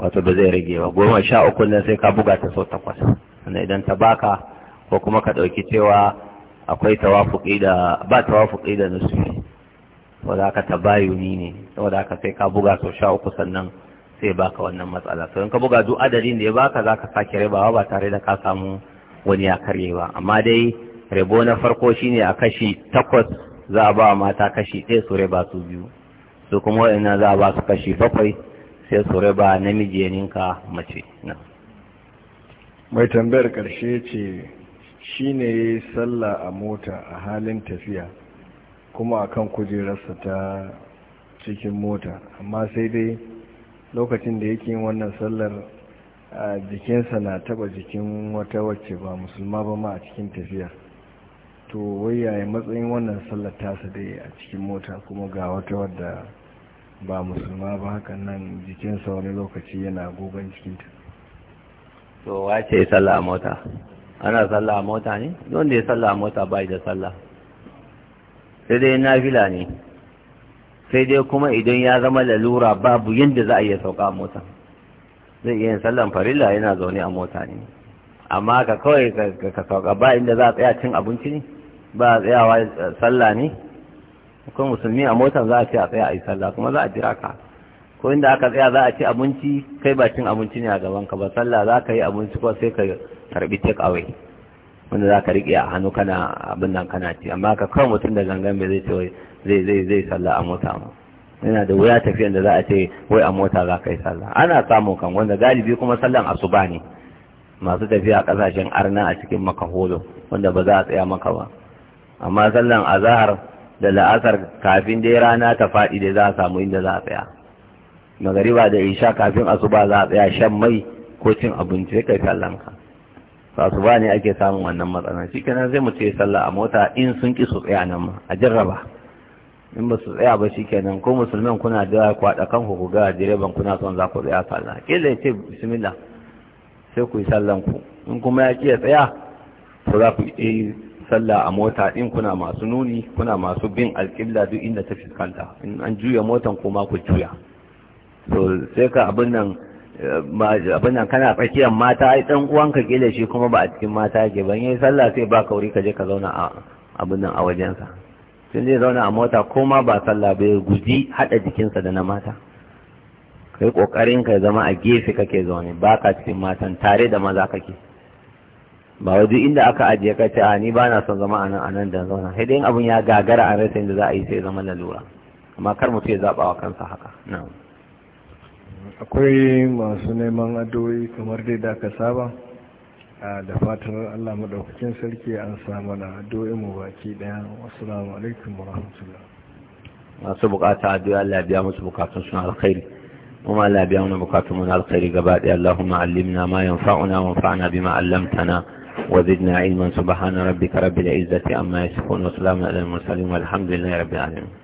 wato ba zai rage ba goma sha uku nan sai ka buga ta sau takwas sannan idan ta baka ko kuma ka ɗauki cewa akwai tawafuki da ba tawafuki da nusu ta bayu ni ne saboda aka sai ka buga sau sha uku sannan sai baka wannan matsala to in ka buga duk adadin da ya baka ka sake rabawa ba tare da ka samu wani ya karye ba amma dai rabo na farko shine a kashi takwas za a ba mata kashi ɗaya su raba su biyu su kuma wa'ina za a ba su kashi bakwai sai su raba namiji ya ninka mace mai tambayar karshe ce shi ne sallah a mota a halin tafiya kuma a kan kujerarsa ta cikin mota amma sai dai lokacin da yake yin wannan sallar a jikinsa na taba jikin wata wacce ba musulma ba ma a cikin tafiya to wai yayi matsayin wannan sallar tasa dai a cikin mota kuma ga wata wadda ba musulma ba hakan nan jikinsa wani lokaci yana gogon jikinta to wace ya sallah a mota ana sallah a mota ne wanda ya sallah a mota bai da sallah sai dai nafila ne sai dai kuma idan ya zama lalura babu yadda za a iya sauka a mota zai iya yin sallan farilla yana zaune a mota ne amma ka kawai ka sauka ba inda za a tsaya cin abinci ne ba a tsayawa sallah ne Akwai musulmi a motar za a ce a tsaye a yi sallah kuma za a jira ka ko inda aka tsaya za a ci abinci kai bakin abinci ne a gaban ka ba sallah za ka yi abinci ko sai ka karbi take away wanda za ka riƙe a hannu kana abin nan kana ci amma ka kawo mutum da gangan bai zai ce zai zai zai sallah a mota ma yana da wuya tafiya da za a ce wai a mota za ka yi sallah ana samun kan wanda galibi kuma sallan asuba ne masu tafiya a kasashen arna a cikin makaholo wanda ba za a tsaya maka ba amma sallan azahar da la'asar kafin dai rana ta faɗi da za a samu inda za a tsaya magariba da isha kafin ba za a tsaya shan mai ko cin abinci ya kai sallanka su su ba ne ake samun wannan matsalan shi kenan zai mu ce sallah a mota in sun ki su tsaya nan ma a jarraba in ba su tsaya ba shi kenan ko musulman kuna da ku kan kanku ku ga direban kuna son za ku tsaya sallah kila ya ce bismillah sai ku yi sallan ku in kuma ya ki ya tsaya to za ku yi sallah a mota din kuna masu nuni kuna masu bin alƙibla duk inda ta fuskanta in an juya motan kuma ku juya so sai ka abin nan abin nan kana tsakiyar mata ai dan uwanka gele shi kuma ba a cikin mata yake ban yayi sallah sai ba kauri ka je ka zauna a abin nan a wajensa sun zai zauna a mota kuma ba sallah bai guji hada jikinsa da na mata kai kokarin ka zama a gefe kake zaune ba ka cikin matan tare da maza kake ba wa inda aka ajiye ka ce a ni ba na son zama a nan da zauna sai dai abun ya gagara a rasa inda za a yi sai zama lalura amma kar mutu ya zaɓa wa kansa haka akwai masu neman addu'o'i kamar dai da aka saba da fatar Allah madaukakin sarki an samu na addu'o'i mu baki daya assalamu alaikum wa rahmatullah masu bukata addu'a Allah biya musu bukatun suna alkhairi وما لا بيوم بكاتمنا الخير قبائل اللهم علمنا ما ينفعنا وانفعنا بما علمتنا وزدنا علما سبحان ربك رب العزة أما يسفون وسلام على المرسلين والحمد لله رب العالمين